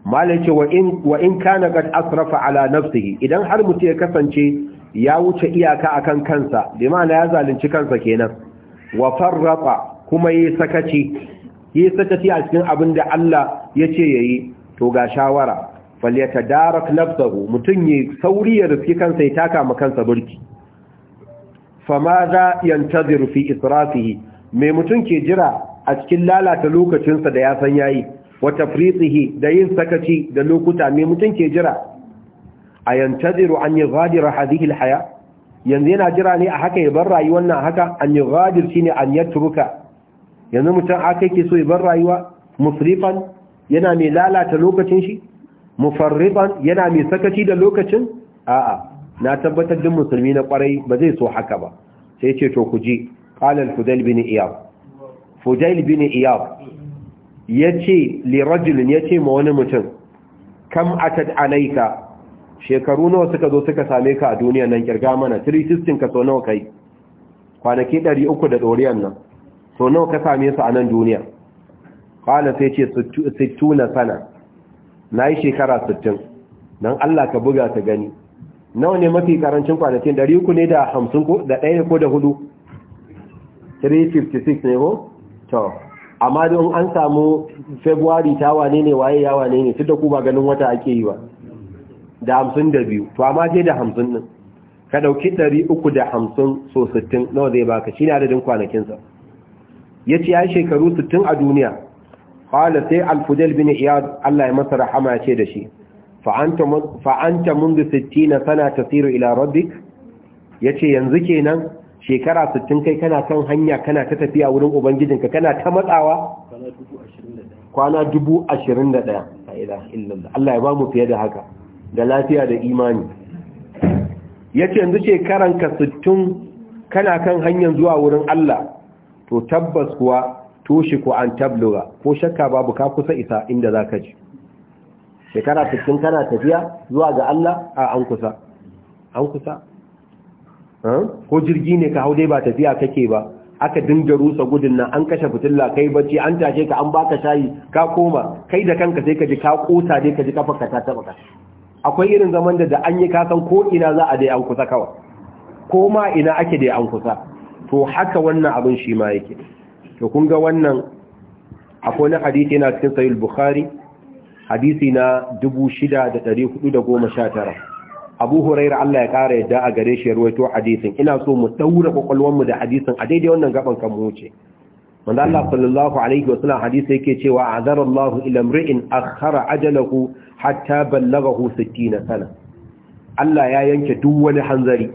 malaka wa in wa in kana kad asrafa ala nafsihi idan har mutum ya kasance ya wuce iyaka akan kansa bi ma'ana ya zalunci kansa kenan wa farraqa kuma yi sakaci yi sakaci a cikin abin da Allah ya ce yayi to ga shawara falyatadarak nafsahu mutum ya sauri ya riski kansa ya taka ma kansa burki Famada za yantaziru fi israfihi Me mutum ke jira a cikin lalata lokacinsa da ya san yayi wa tafriqihi da yin sakaci da lokuta Me mutum ke jira a yantaziru an yughadira hadhihi alhaya yanzu yana jira ne a haka ya bar rayuwar nan haka an yughadir shine an yatruka yanzu mutum aka yake so ya bar rayuwa musrifan yana mai lalata lokacin shi mufarriban yana mai sakaci da lokacin a'a na tabbatar duk musulmi na kwarai ba zai so haka ba sai ce to ku ji qalal fudail bin iyab fudail bin iyab yace li rajulin yace ma wani mutum kam atad alayka shekaru nawa suka zo suka same ka a duniya nan kirga mana 360 ka so nawa kai kwanaki 300 da doriyan nan so nawa ka same su a nan duniya qala sai ce 60 sana nayi shekara 60 dan Allah ka buga ta gani nawa ne mafi karancin kwanakin 300 uku ne da hamsin ko da ɗaya ko da hudu 356 ne ko? to amma don an samu february ta wane ne waye ya wane ne tun da ku ba ganin wata ake yi ba da hamsin da biyu to amma je da hamsin din ka ɗauki ɗari uku da hamsin so sittin nawa zai baka shi ne adadin kwanakin sa yace ya shekaru sittin a duniya qala sai al-fudail bin iyad allah ya masa rahama ya ce da shi fa'anta mundu 60 sana tasiru ila rabbik yace yanzu kenan shekara 60 kai kana kan hanya kana ta tafiya wurin ubangijinka kana ta matsawa kwana 21 Allah ya ba mu fiye da haka da lafiya da imani yace yanzu ce karanka 60 kana kan hanyar zuwa wurin Allah to tabbas kuwa toshi ko an tabluga ko shakka babu ka kusa isa inda zaka je shekara cikin kana tafiya zuwa ga Allah a an kusa an kusa ko jirgi ne ka hau dai ba tafiya kake ba aka dinga rusa gudun nan an kashe fitilla kai bacci an tashe ka an baka shayi ka koma kai da kanka sai ka ji ka kosa dai ka ji ka ta taba ka akwai irin zaman da da an yi kasan ko ina za a dai an kusa kawai ko ma ina ake dai an kusa to haka wannan abin shi ma yake to kun ga wannan akwai na hadisi yana cikin sahih bukhari hadisi na 6419 abu huraira Allah ya kara yadda a gare shi ruwaito hadisin ina so mu daura mu da hadisin a daidai wannan gaban kan mu wuce manzo Allah sallallahu alaihi sallam hadisi yake cewa azara Allah ila mri'in akhara ajalahu hatta ballaghahu 60 sana Allah ya yanke duk wani hanzari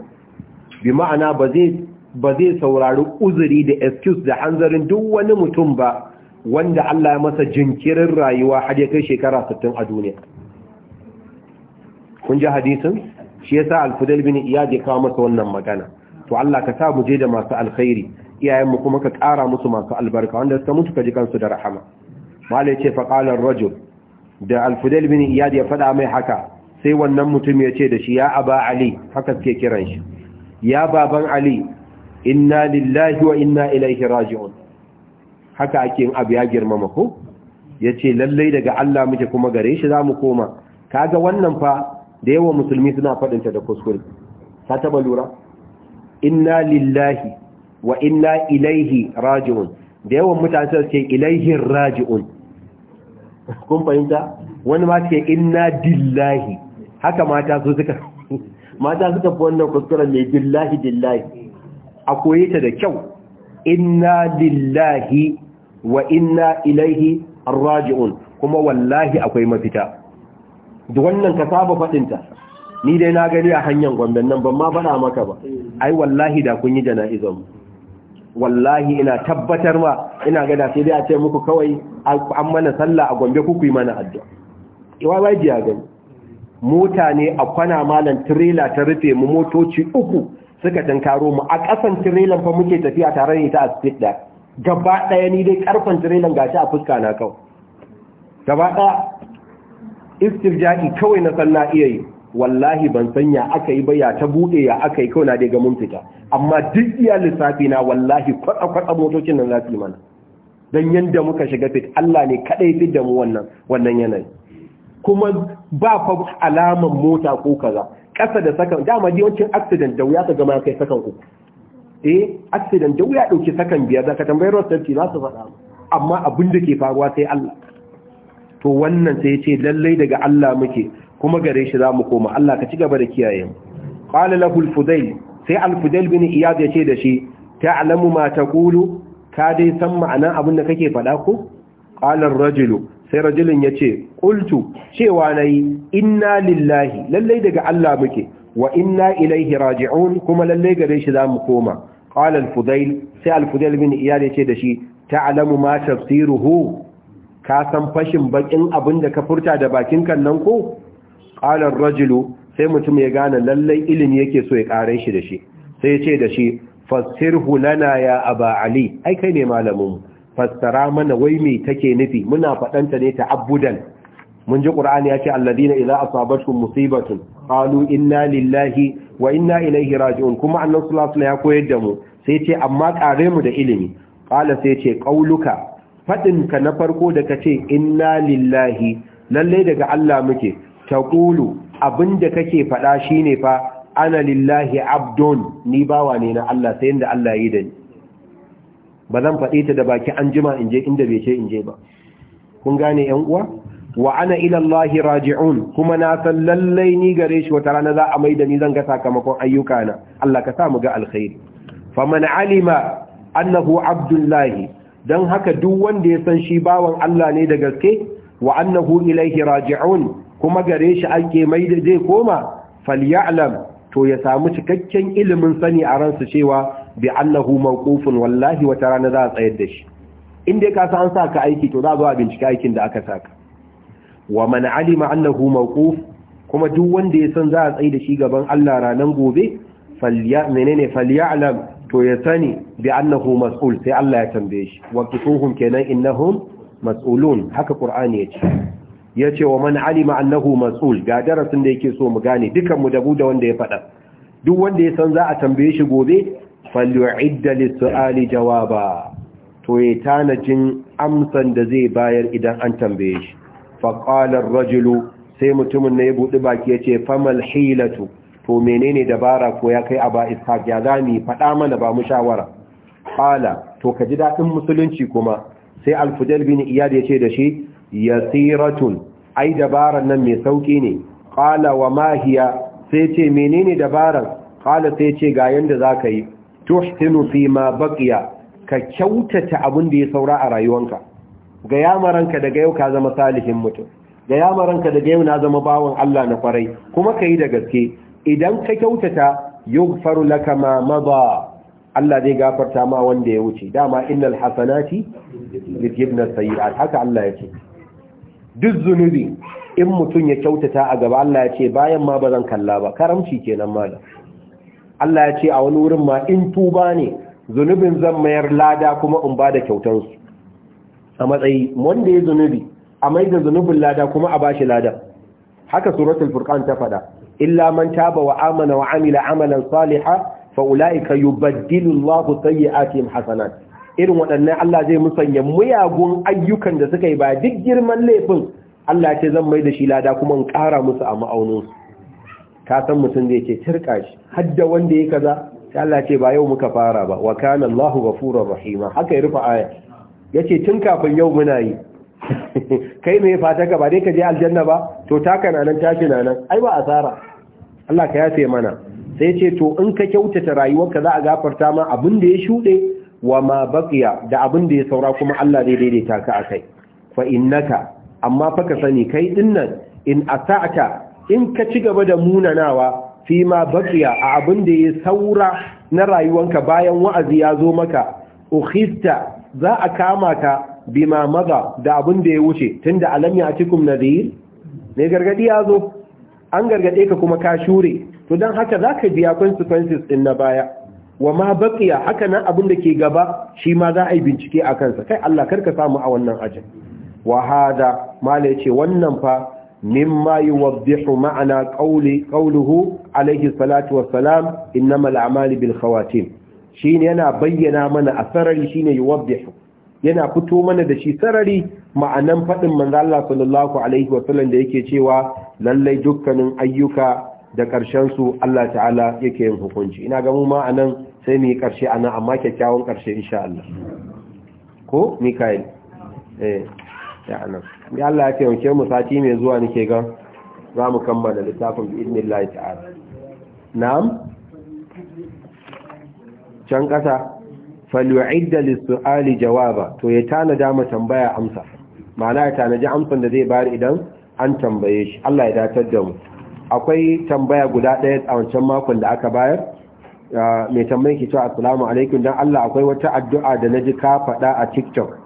bi ma'ana ba zai ba zai saurari uzuri da excuse da hanzarin duk wani mutum ba wanda Allah ya masa jinkirin rayuwa har ya kai shekara 60 a duniya kun ji hadisin shi yasa al-fudayl bin iyad ya kawo masa wannan magana to Allah ka sa mu je da masu alkhairi iyayen mu kuma ka ƙara musu masu albarka wanda suka mutu ka ji kansu da rahama malai ce fa qala ar-rajul da al-fudayl bin iyad ya faɗa mai haka sai wannan mutum ya ce da shi ya aba ali haka suke kiran shi ya baban ali inna lillahi wa inna ilaihi raji'un haka ake yin abu ya girmama ko ce lallai daga Allah muke kuma gare shi za mu koma kaga wannan fa da yawan musulmi suna faɗinta da kuskure ka taba lura inna lillahi wa inna ilaihi raji'un da yawan mutane ce ilaihi raji'un kun fahimta wani ma ce inna dillahi haka mata su suka mata suka fi wannan kuskuren mai dillahi dillahi a koye ta da kyau inna lillahi wa inna ilaihi arraji'un kuma wallahi akwai mafita duk wannan ka saba fadinta ni dai na gani a hanyar gwamnan nan ban ma bana maka ba ai wallahi da kun yi jana'izar wallahi ina tabbatar ma ina ga da sai dai a ce muku kawai an mana sallah a Gombe ku yi mana addu'a iwa waji ya gani mutane ne a kwana malan trailer ta rufe mu motoci uku suka tankaro mu a ƙasan tirelan fa muke tafiya tare da ita a speed da gaba ɗaya ni dai ƙarfan tirelan gashi a fuska na kau gaba ɗaya istirja'i kawai na san na iya yi wallahi ban san ya aka yi ba ta buɗe ya aka yi kawai na daga mun fita amma duk iya lissafi na wallahi kwatsa-kwatsa motocin nan yi mana don yadda muka shiga fit Allah ne kaɗai fit da mu wannan wannan yanayi kuma ba fa alaman mota ko kaza ƙasa da sakan dama yawancin accident da wuya ta gama kai sakan uku eh accident da wuya ɗauki sakan biyar Za ka tambayar wasu tafi za su faɗa amma abin da ke faruwa sai Allah to wannan sai ce lallai daga Allah muke kuma gare shi za mu koma Allah ka ci gaba da kiyaye mu qala lahu al-fudayl sai al-fudayl bin iyad ya ce da shi ta'lamu ma taqulu ka dai san ma'anan abin da kake faɗa ko qala ar-rajulu sai rajulin ya ce ƙultu cewa na yi inna lillahi lallai daga Allah muke wa inna ilaihi raji'un kuma lallai gare shi za mu koma ƙwal alfudail sai alfudail bin iyali ce da shi ta'alamu ma tafsiruhu ka san fashin bakin abin da ka furta da bakin kan nan ko ƙalar rajulu sai mutum ya gane lallai ilimi yake so ya ƙare shi da shi sai ya ce da shi fassirhu lana ya aba ali ai kai ne malamin mu fassara mana wai me take nufi muna faɗanta ne ta abudan. mun ji qur'ani yace alladina idza asabatkum musibatun qalu inna lillahi wa inna ilaihi raji'un kuma annabi sallallahu alaihi ya koyar da mu sai ce amma kare mu da ilimi qala sai ce qauluka fadin ka na farko da kace inna lillahi lalle daga Allah muke taqulu abinda kake fada shine fa ana lillahi abdun ni bawa ne na Allah sai inda Allah yi da ni ba zan faɗi ta da baki an jima in je inda bai ce in je ba kun gane yan uwa wa ana ila Allah raji'un kuma na san lallai ni gare shi wata rana za a mai da ni zan ga sakamakon ayyuka na Allah ka sa mu ga alkhairi faman alima annahu abdullahi dan haka duk wanda ya san shi bawan Allah ne da gaske wa annahu ilaihi raji'un kuma gare shi ake mai da zai koma falyalam to ya samu cikakken ilimin sani a ransa cewa bi annahu mawqufun wallahi wata rana za a tsayar da shi in dai ka san saka aiki to za a zo a bincika aikin da aka saka wa man alima annahu mawquf kuma duk wanda ya san za a tsayi da shi gaban Allah ranan gobe falya menene falya alam to ya sani bi annahu mas'ul sai Allah ya tambaye shi waqifuhum kenan innahum mas'ulun haka qur'ani yace yace wa man alima annahu mas'ul ga darasin da yake so mu gane dukan mu da da wanda ya faɗa duk wanda ya san za a tambaye shi gobe falyu'idda lis-su'ali jawaba to ya tanajin amsan da zai bayar idan an tambaye shi faƙalar rajulu sai mutumin na ya buɗi baki ya ce famal hilatu to menene dabara ko ya kai aba ishaq ya zami faɗa mana ba mu shawara ƙala to ka ji daɗin musulunci kuma sai alfudal bin iyad ya ce da shi yasiratun ai dabaran nan mai sauƙi ne ƙala wa mahiya sai ce menene dabaran ƙala sai ce ga yanda za ka yi tuhsinu fi ma baqiya ka kyautata abin da ya saura a rayuwanka ga yamaranka daga yau ka zama salihin mutum ga yamaranka daga yau na zama bawan Allah na kwarai kuma ka da gaske idan ka kyautata yughfaru laka ma madha Allah zai gafarta ma wanda ya wuce dama innal hasanati yuzhibna sayyi'at haka Allah yake duk zunubi in mutum ya kyautata a gaba Allah ya ce bayan ma bazan kalla ba karamci kenan malam Allah ya ce a wani wurin ma in tuba ne zunubin zan mayar lada kuma in ba da su. a matsayi wanda ya zunubi a mai da zunubin lada kuma a bashi lada haka suratul furqan ta fada illa man taba wa amana wa amila amalan salihan fa ulaika yubaddilu Allahu sayyi'atihim hasanat irin waɗannan Allah zai musanya muyagun ayyukan da suka yi ba duk girman laifin Allah ya ce zan mai da shi lada kuma in ƙara musu a ma'auninsu ka san mutum zai ce tirka shi hadda wanda ya kaza sai Allah ce ba yau muka fara ba wa kana Allahu ghafurur rahima haka ya rufe aya yace tun kafin yau muna yi kai me fata ka ba dai ka je aljanna ba to taka nan tashi nan ai ba asara Allah ka yafe mana sai ce to in ka kyautata rayuwarka za a gafarta ma abin da ya shuɗe wa ma baqiya da abin da ya saura kuma Allah zai daidaita ka akai fa innaka amma fa ka sani kai dinnan in asa'ata in ka ci gaba da munanawa fi ma bakiya a abin da ya saura na rayuwanka bayan wa'azi ya zo maka ukhista za a kama ka bima maza da abin da ya wuce tunda alam ya atikum nadir? ne gargadi ya zo an gargade ka kuma ka shure to don haka zaka biya consequences din na baya wa ma bakiya haka nan abin da ke gaba shi ma za a yi bincike a kansa kai Allah ka samu a wannan ajin wa hada mala yace wannan fa مما يوضح معنى قول قوله عليه الصلاه والسلام انما الاعمال بالخواتيم شيني انا بينا منا اثرري شيني يوضح ينا فتو منا ده شي سرري ma'anan fadin manzo Allah sallallahu alaihi wa sallam da yake cewa lallai dukkanin ayyuka da karshen su Allah ta'ala yake yin hukunci ina ga mu ma'anan sai mu yi karshe ana amma kyakkyawan karshe insha Allah ko mikael eh takaita a ya Allah ya taimake mu sati mai zuwa nake gan za mu kammala littafin bi idnillahi ta'ala na'am can ƙasa falu'idda lissu'ali jawaba to ya tanada ma tambaya amsa ma'ana ya tanaji amsan da zai bayar idan an tambaye shi Allah ya datar da mu akwai tambaya guda ɗaya a wancan makon da aka bayar ah, mai tambayin ki cewa assalamu alaikum dan Allah akwai wata addu'a da naji ka faɗa a TikTok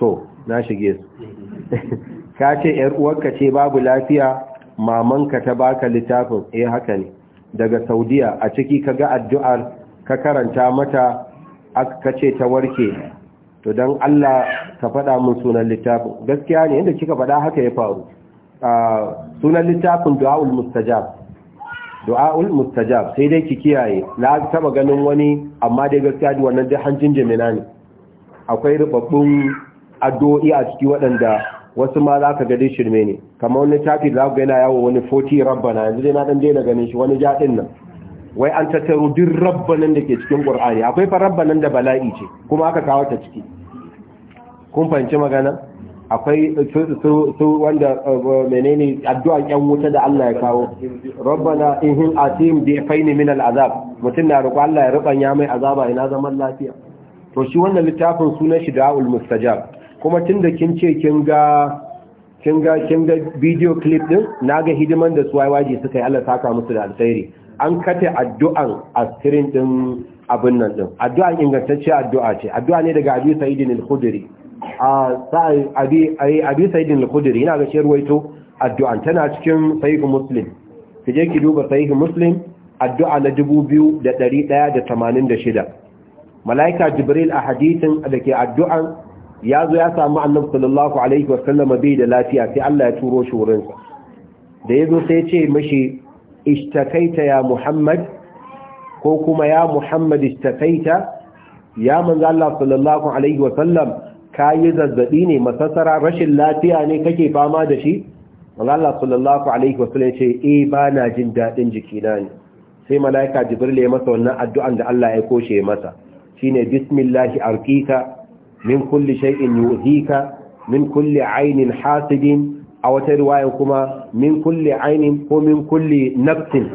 to na shige su ka ce ‘yar uwarka ce babu lafiya mamanka ta baka littafin eh haka ne daga saudiya a ciki ka ga addu'ar ka karanta mata aka ce ta warke to don allah ka faɗa mun sunan littafin gaskiya ne inda kika faɗa haka ya faru ah, sunan littafin du'a'ul mustajab du'a'ul mustajab sai dai ki kiyaye na taba ganin wani amma dai gaskiya wannan dai hancin jimina ne akwai rubabbun addu'o'i a ciki waɗanda wasu ma za ka gadi shirme ne kamar wani tafi za ku yana yawo wani 40 rabbana yanzu dai na ɗan daina ganin shi wani jaɗin nan wai an tattaro duk rabbanan da ke cikin ƙur'ani akwai fa rabbanan da bala'i ce kuma aka kawo ta ciki kun fahimci magana akwai su wanda uh, uh, menene addu'an yan wuta da Allah ya kawo rabbana in atim bi faini min al'azab mutum na roƙo Allah ya rubanya mai azaba ina zaman lafiya to shi wannan littafin sunan shi da'ul mustajab kuma tun da kin ce kin ga kin ga na ga video clip din naga hidiman da su YYG suka yi Allah saka musu da alkhairi an kate addu'an a screen din abin nan din addu'an ingantacce addu'a ce addu'a ne daga Abi Sa'id al-Khudri a sai Abi Abi Sa'id al-Khudri ina ga shi to addu'an tana cikin Sahih Muslim je ki duba Sahih Muslim addu'a na 2186 malaika Jibril a hadisin da ke addu'an ya zo ya samu annabi sallallahu alaihi wasallam bai da lafiya sai Allah ya turo shi wurin sa da yazo sai ya ce mashi ishtakaita ya Muhammad ko kuma ya Muhammad ishtakaita ya manzo Allah sallallahu alaihi wa wasallam kai zazzabi ne masasara rashin lafiya ne kake fama da shi manzo Allah sallallahu alaihi wa sallam ce eh ba na jin dadin jikina ne sai malaika jibril ya masa wannan addu'an da Allah ya koshe masa shine bismillahi arqika min kulli shay'in yu'dika min kulli aynin hasidin a wata riwaya kuma min kulli aynin ko min kulli nafsin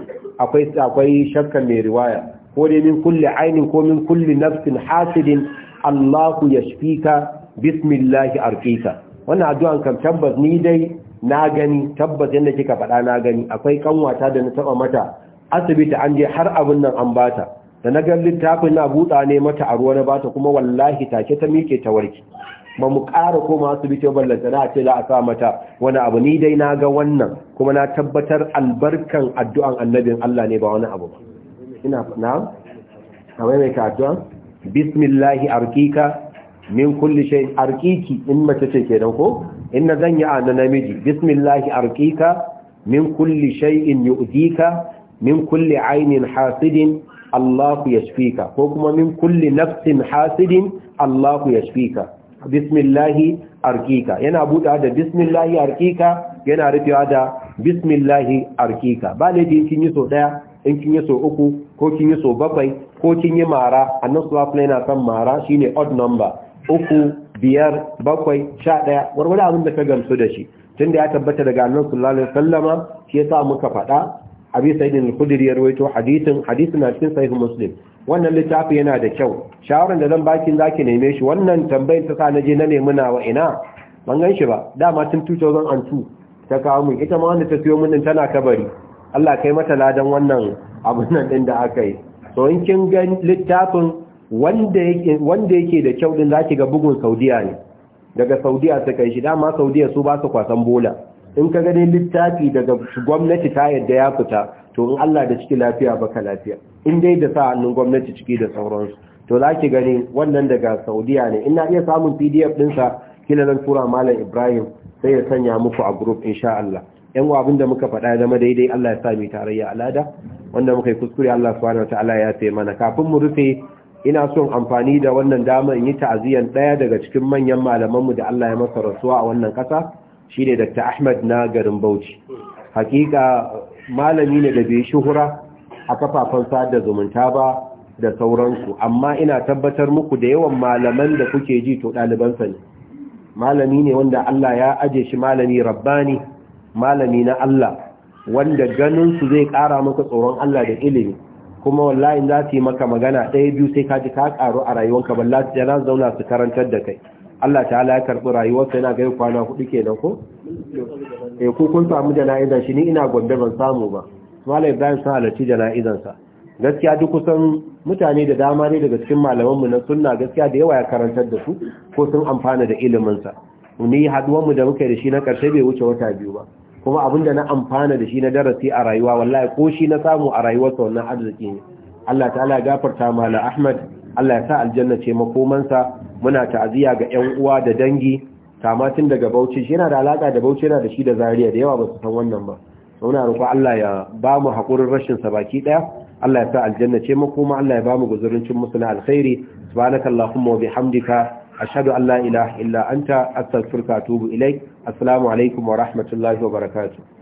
akwai akwai shakka mai riwaya ko dai min kulli aynin ko min kulli nafsin hasidin Allahu yashfika bismillah arqika wannan addu'an kam tabbas ni dai na gani tabbas yanda kika faɗa na gani akwai kanwata da na taba mata asibiti an je har abin nan an bata da na ga littafin na buɗa ne mata a ruwa na bata kuma wallahi take ta miƙe ta warki ba mu ƙara koma asibiti ballanta na ce za a sa mata wani abu ni dai na ga wannan kuma na tabbatar albarkan addu'an annabin Allah ne ba wani abu ba ina na a mai ka addu'a bismillahi arkika min kulli shay arkiki in mace ce kenan ko in na zanya a na namiji bismillahi arkika min kulli shay'in yu'dika min kulli ainin hasidin Allahu ka ko kuma min kulli nafsin hasidin Allahu ka. bismillahi arkika yana buɗa da bismillahi arkika yana rufewa da bismillahi arkika ba laifin kin yi so ɗaya in kin yi so uku ko kin yi so bakwai ko kin yi mara annan su hafi yana kan mara shine odd number uku biyar bakwai sha ɗaya warware abin da ka gamsu da shi tun da ya tabbata daga annan sallallahu alaihi sallama shi yasa muka faɗa abi sa'idin al-khudri ya rawaito hadithin hadithin na cikin sahih muslim wannan littafi yana da kyau shawaran da zan baki zaki neme shi wannan tambayar ta sa na je na nemi wa ina ban gan shi ba dama tun 2002 ta kawo mun ita ma wanda ta siyo mun tana kabari Allah kai mata ladan wannan abun nan din da aka yi so in kin ga littafin wanda yake wanda yake da kyau din zaki ga bugun Saudiya ne daga Saudiya ta kai shi dama Saudiya su ba su kwasan bola in ka gani littafi daga gwamnati ta yadda ya fita to in Allah da ciki lafiya baka lafiya in dai da sa hannun gwamnati ciki da sauransu to za ki gani wannan daga saudiya ne ina iya samun pdf ɗinsa kila zan tura malam ibrahim sai ya sanya muku a group insha Allah yan abin da muka faɗa zama daidai Allah ya sa mai tarayya alada wanda muka yi kuskure Allah subhanahu wataala ya sai mana kafin mu rufe ina son amfani da wannan damar in yi ta'aziyan daya daga cikin manyan malamanmu da Allah ya masa rasuwa a wannan kasa Shi ne Dr. Ahmad na garin Bauchi hakika malami ne da bai shuhura a kafafen sada zumunta ba da sauransu amma ina tabbatar muku da yawan malaman da kuke ji to ɗalibansa ne malami ne wanda Allah ya aje shi malami rabbani malami na Allah wanda ganinsu zai ƙara maka tsoron Allah da ilimi kuma wallahi za su yi maka magana ɗaya biyu sai ka ji ka ƙaru a rayuwanka ba za na zauna su karantar da kai Allah ta'ala ya karɓi rayuwarsa yana gai kwana hudu kenan ko E, eh, ko kun samu jana'izar shi ni ina gwanda ban samu ba Mala Ibrahim sun halarci jana'izansa gaskiya duk kusan mutane da dama ne daga cikin malamanmu na sunna gaskiya da yawa ya karantar da su ko sun amfana da iliminsa ni mu da muka da shi na ƙarshe bai wuce wata biyu ba kuma abin da na amfana da shi na darasi a rayuwa wallahi ko shi na samu a rayuwarsa wannan arziki ne Allah Ta ta'ala gafarta mala Ahmad Allah ya sa aljanna ce makomansa muna ta'aziyya ga ƴan uwa da dangi kama tun daga Bauchi yana da alaka da Bauchi yana da shi da Zaria da yawa ba su san wannan ba muna roƙo Allah ya ba mu hakurin rashin sa baki daya Allah ya sa aljanna ce makoma Allah ya ba mu guzuruncin musuna alkhairi subhanaka allahumma wa bihamdika ashhadu an la ilaha illa anta astaghfiruka wa atubu ilaik assalamu alaikum wa rahmatullahi wa barakatuh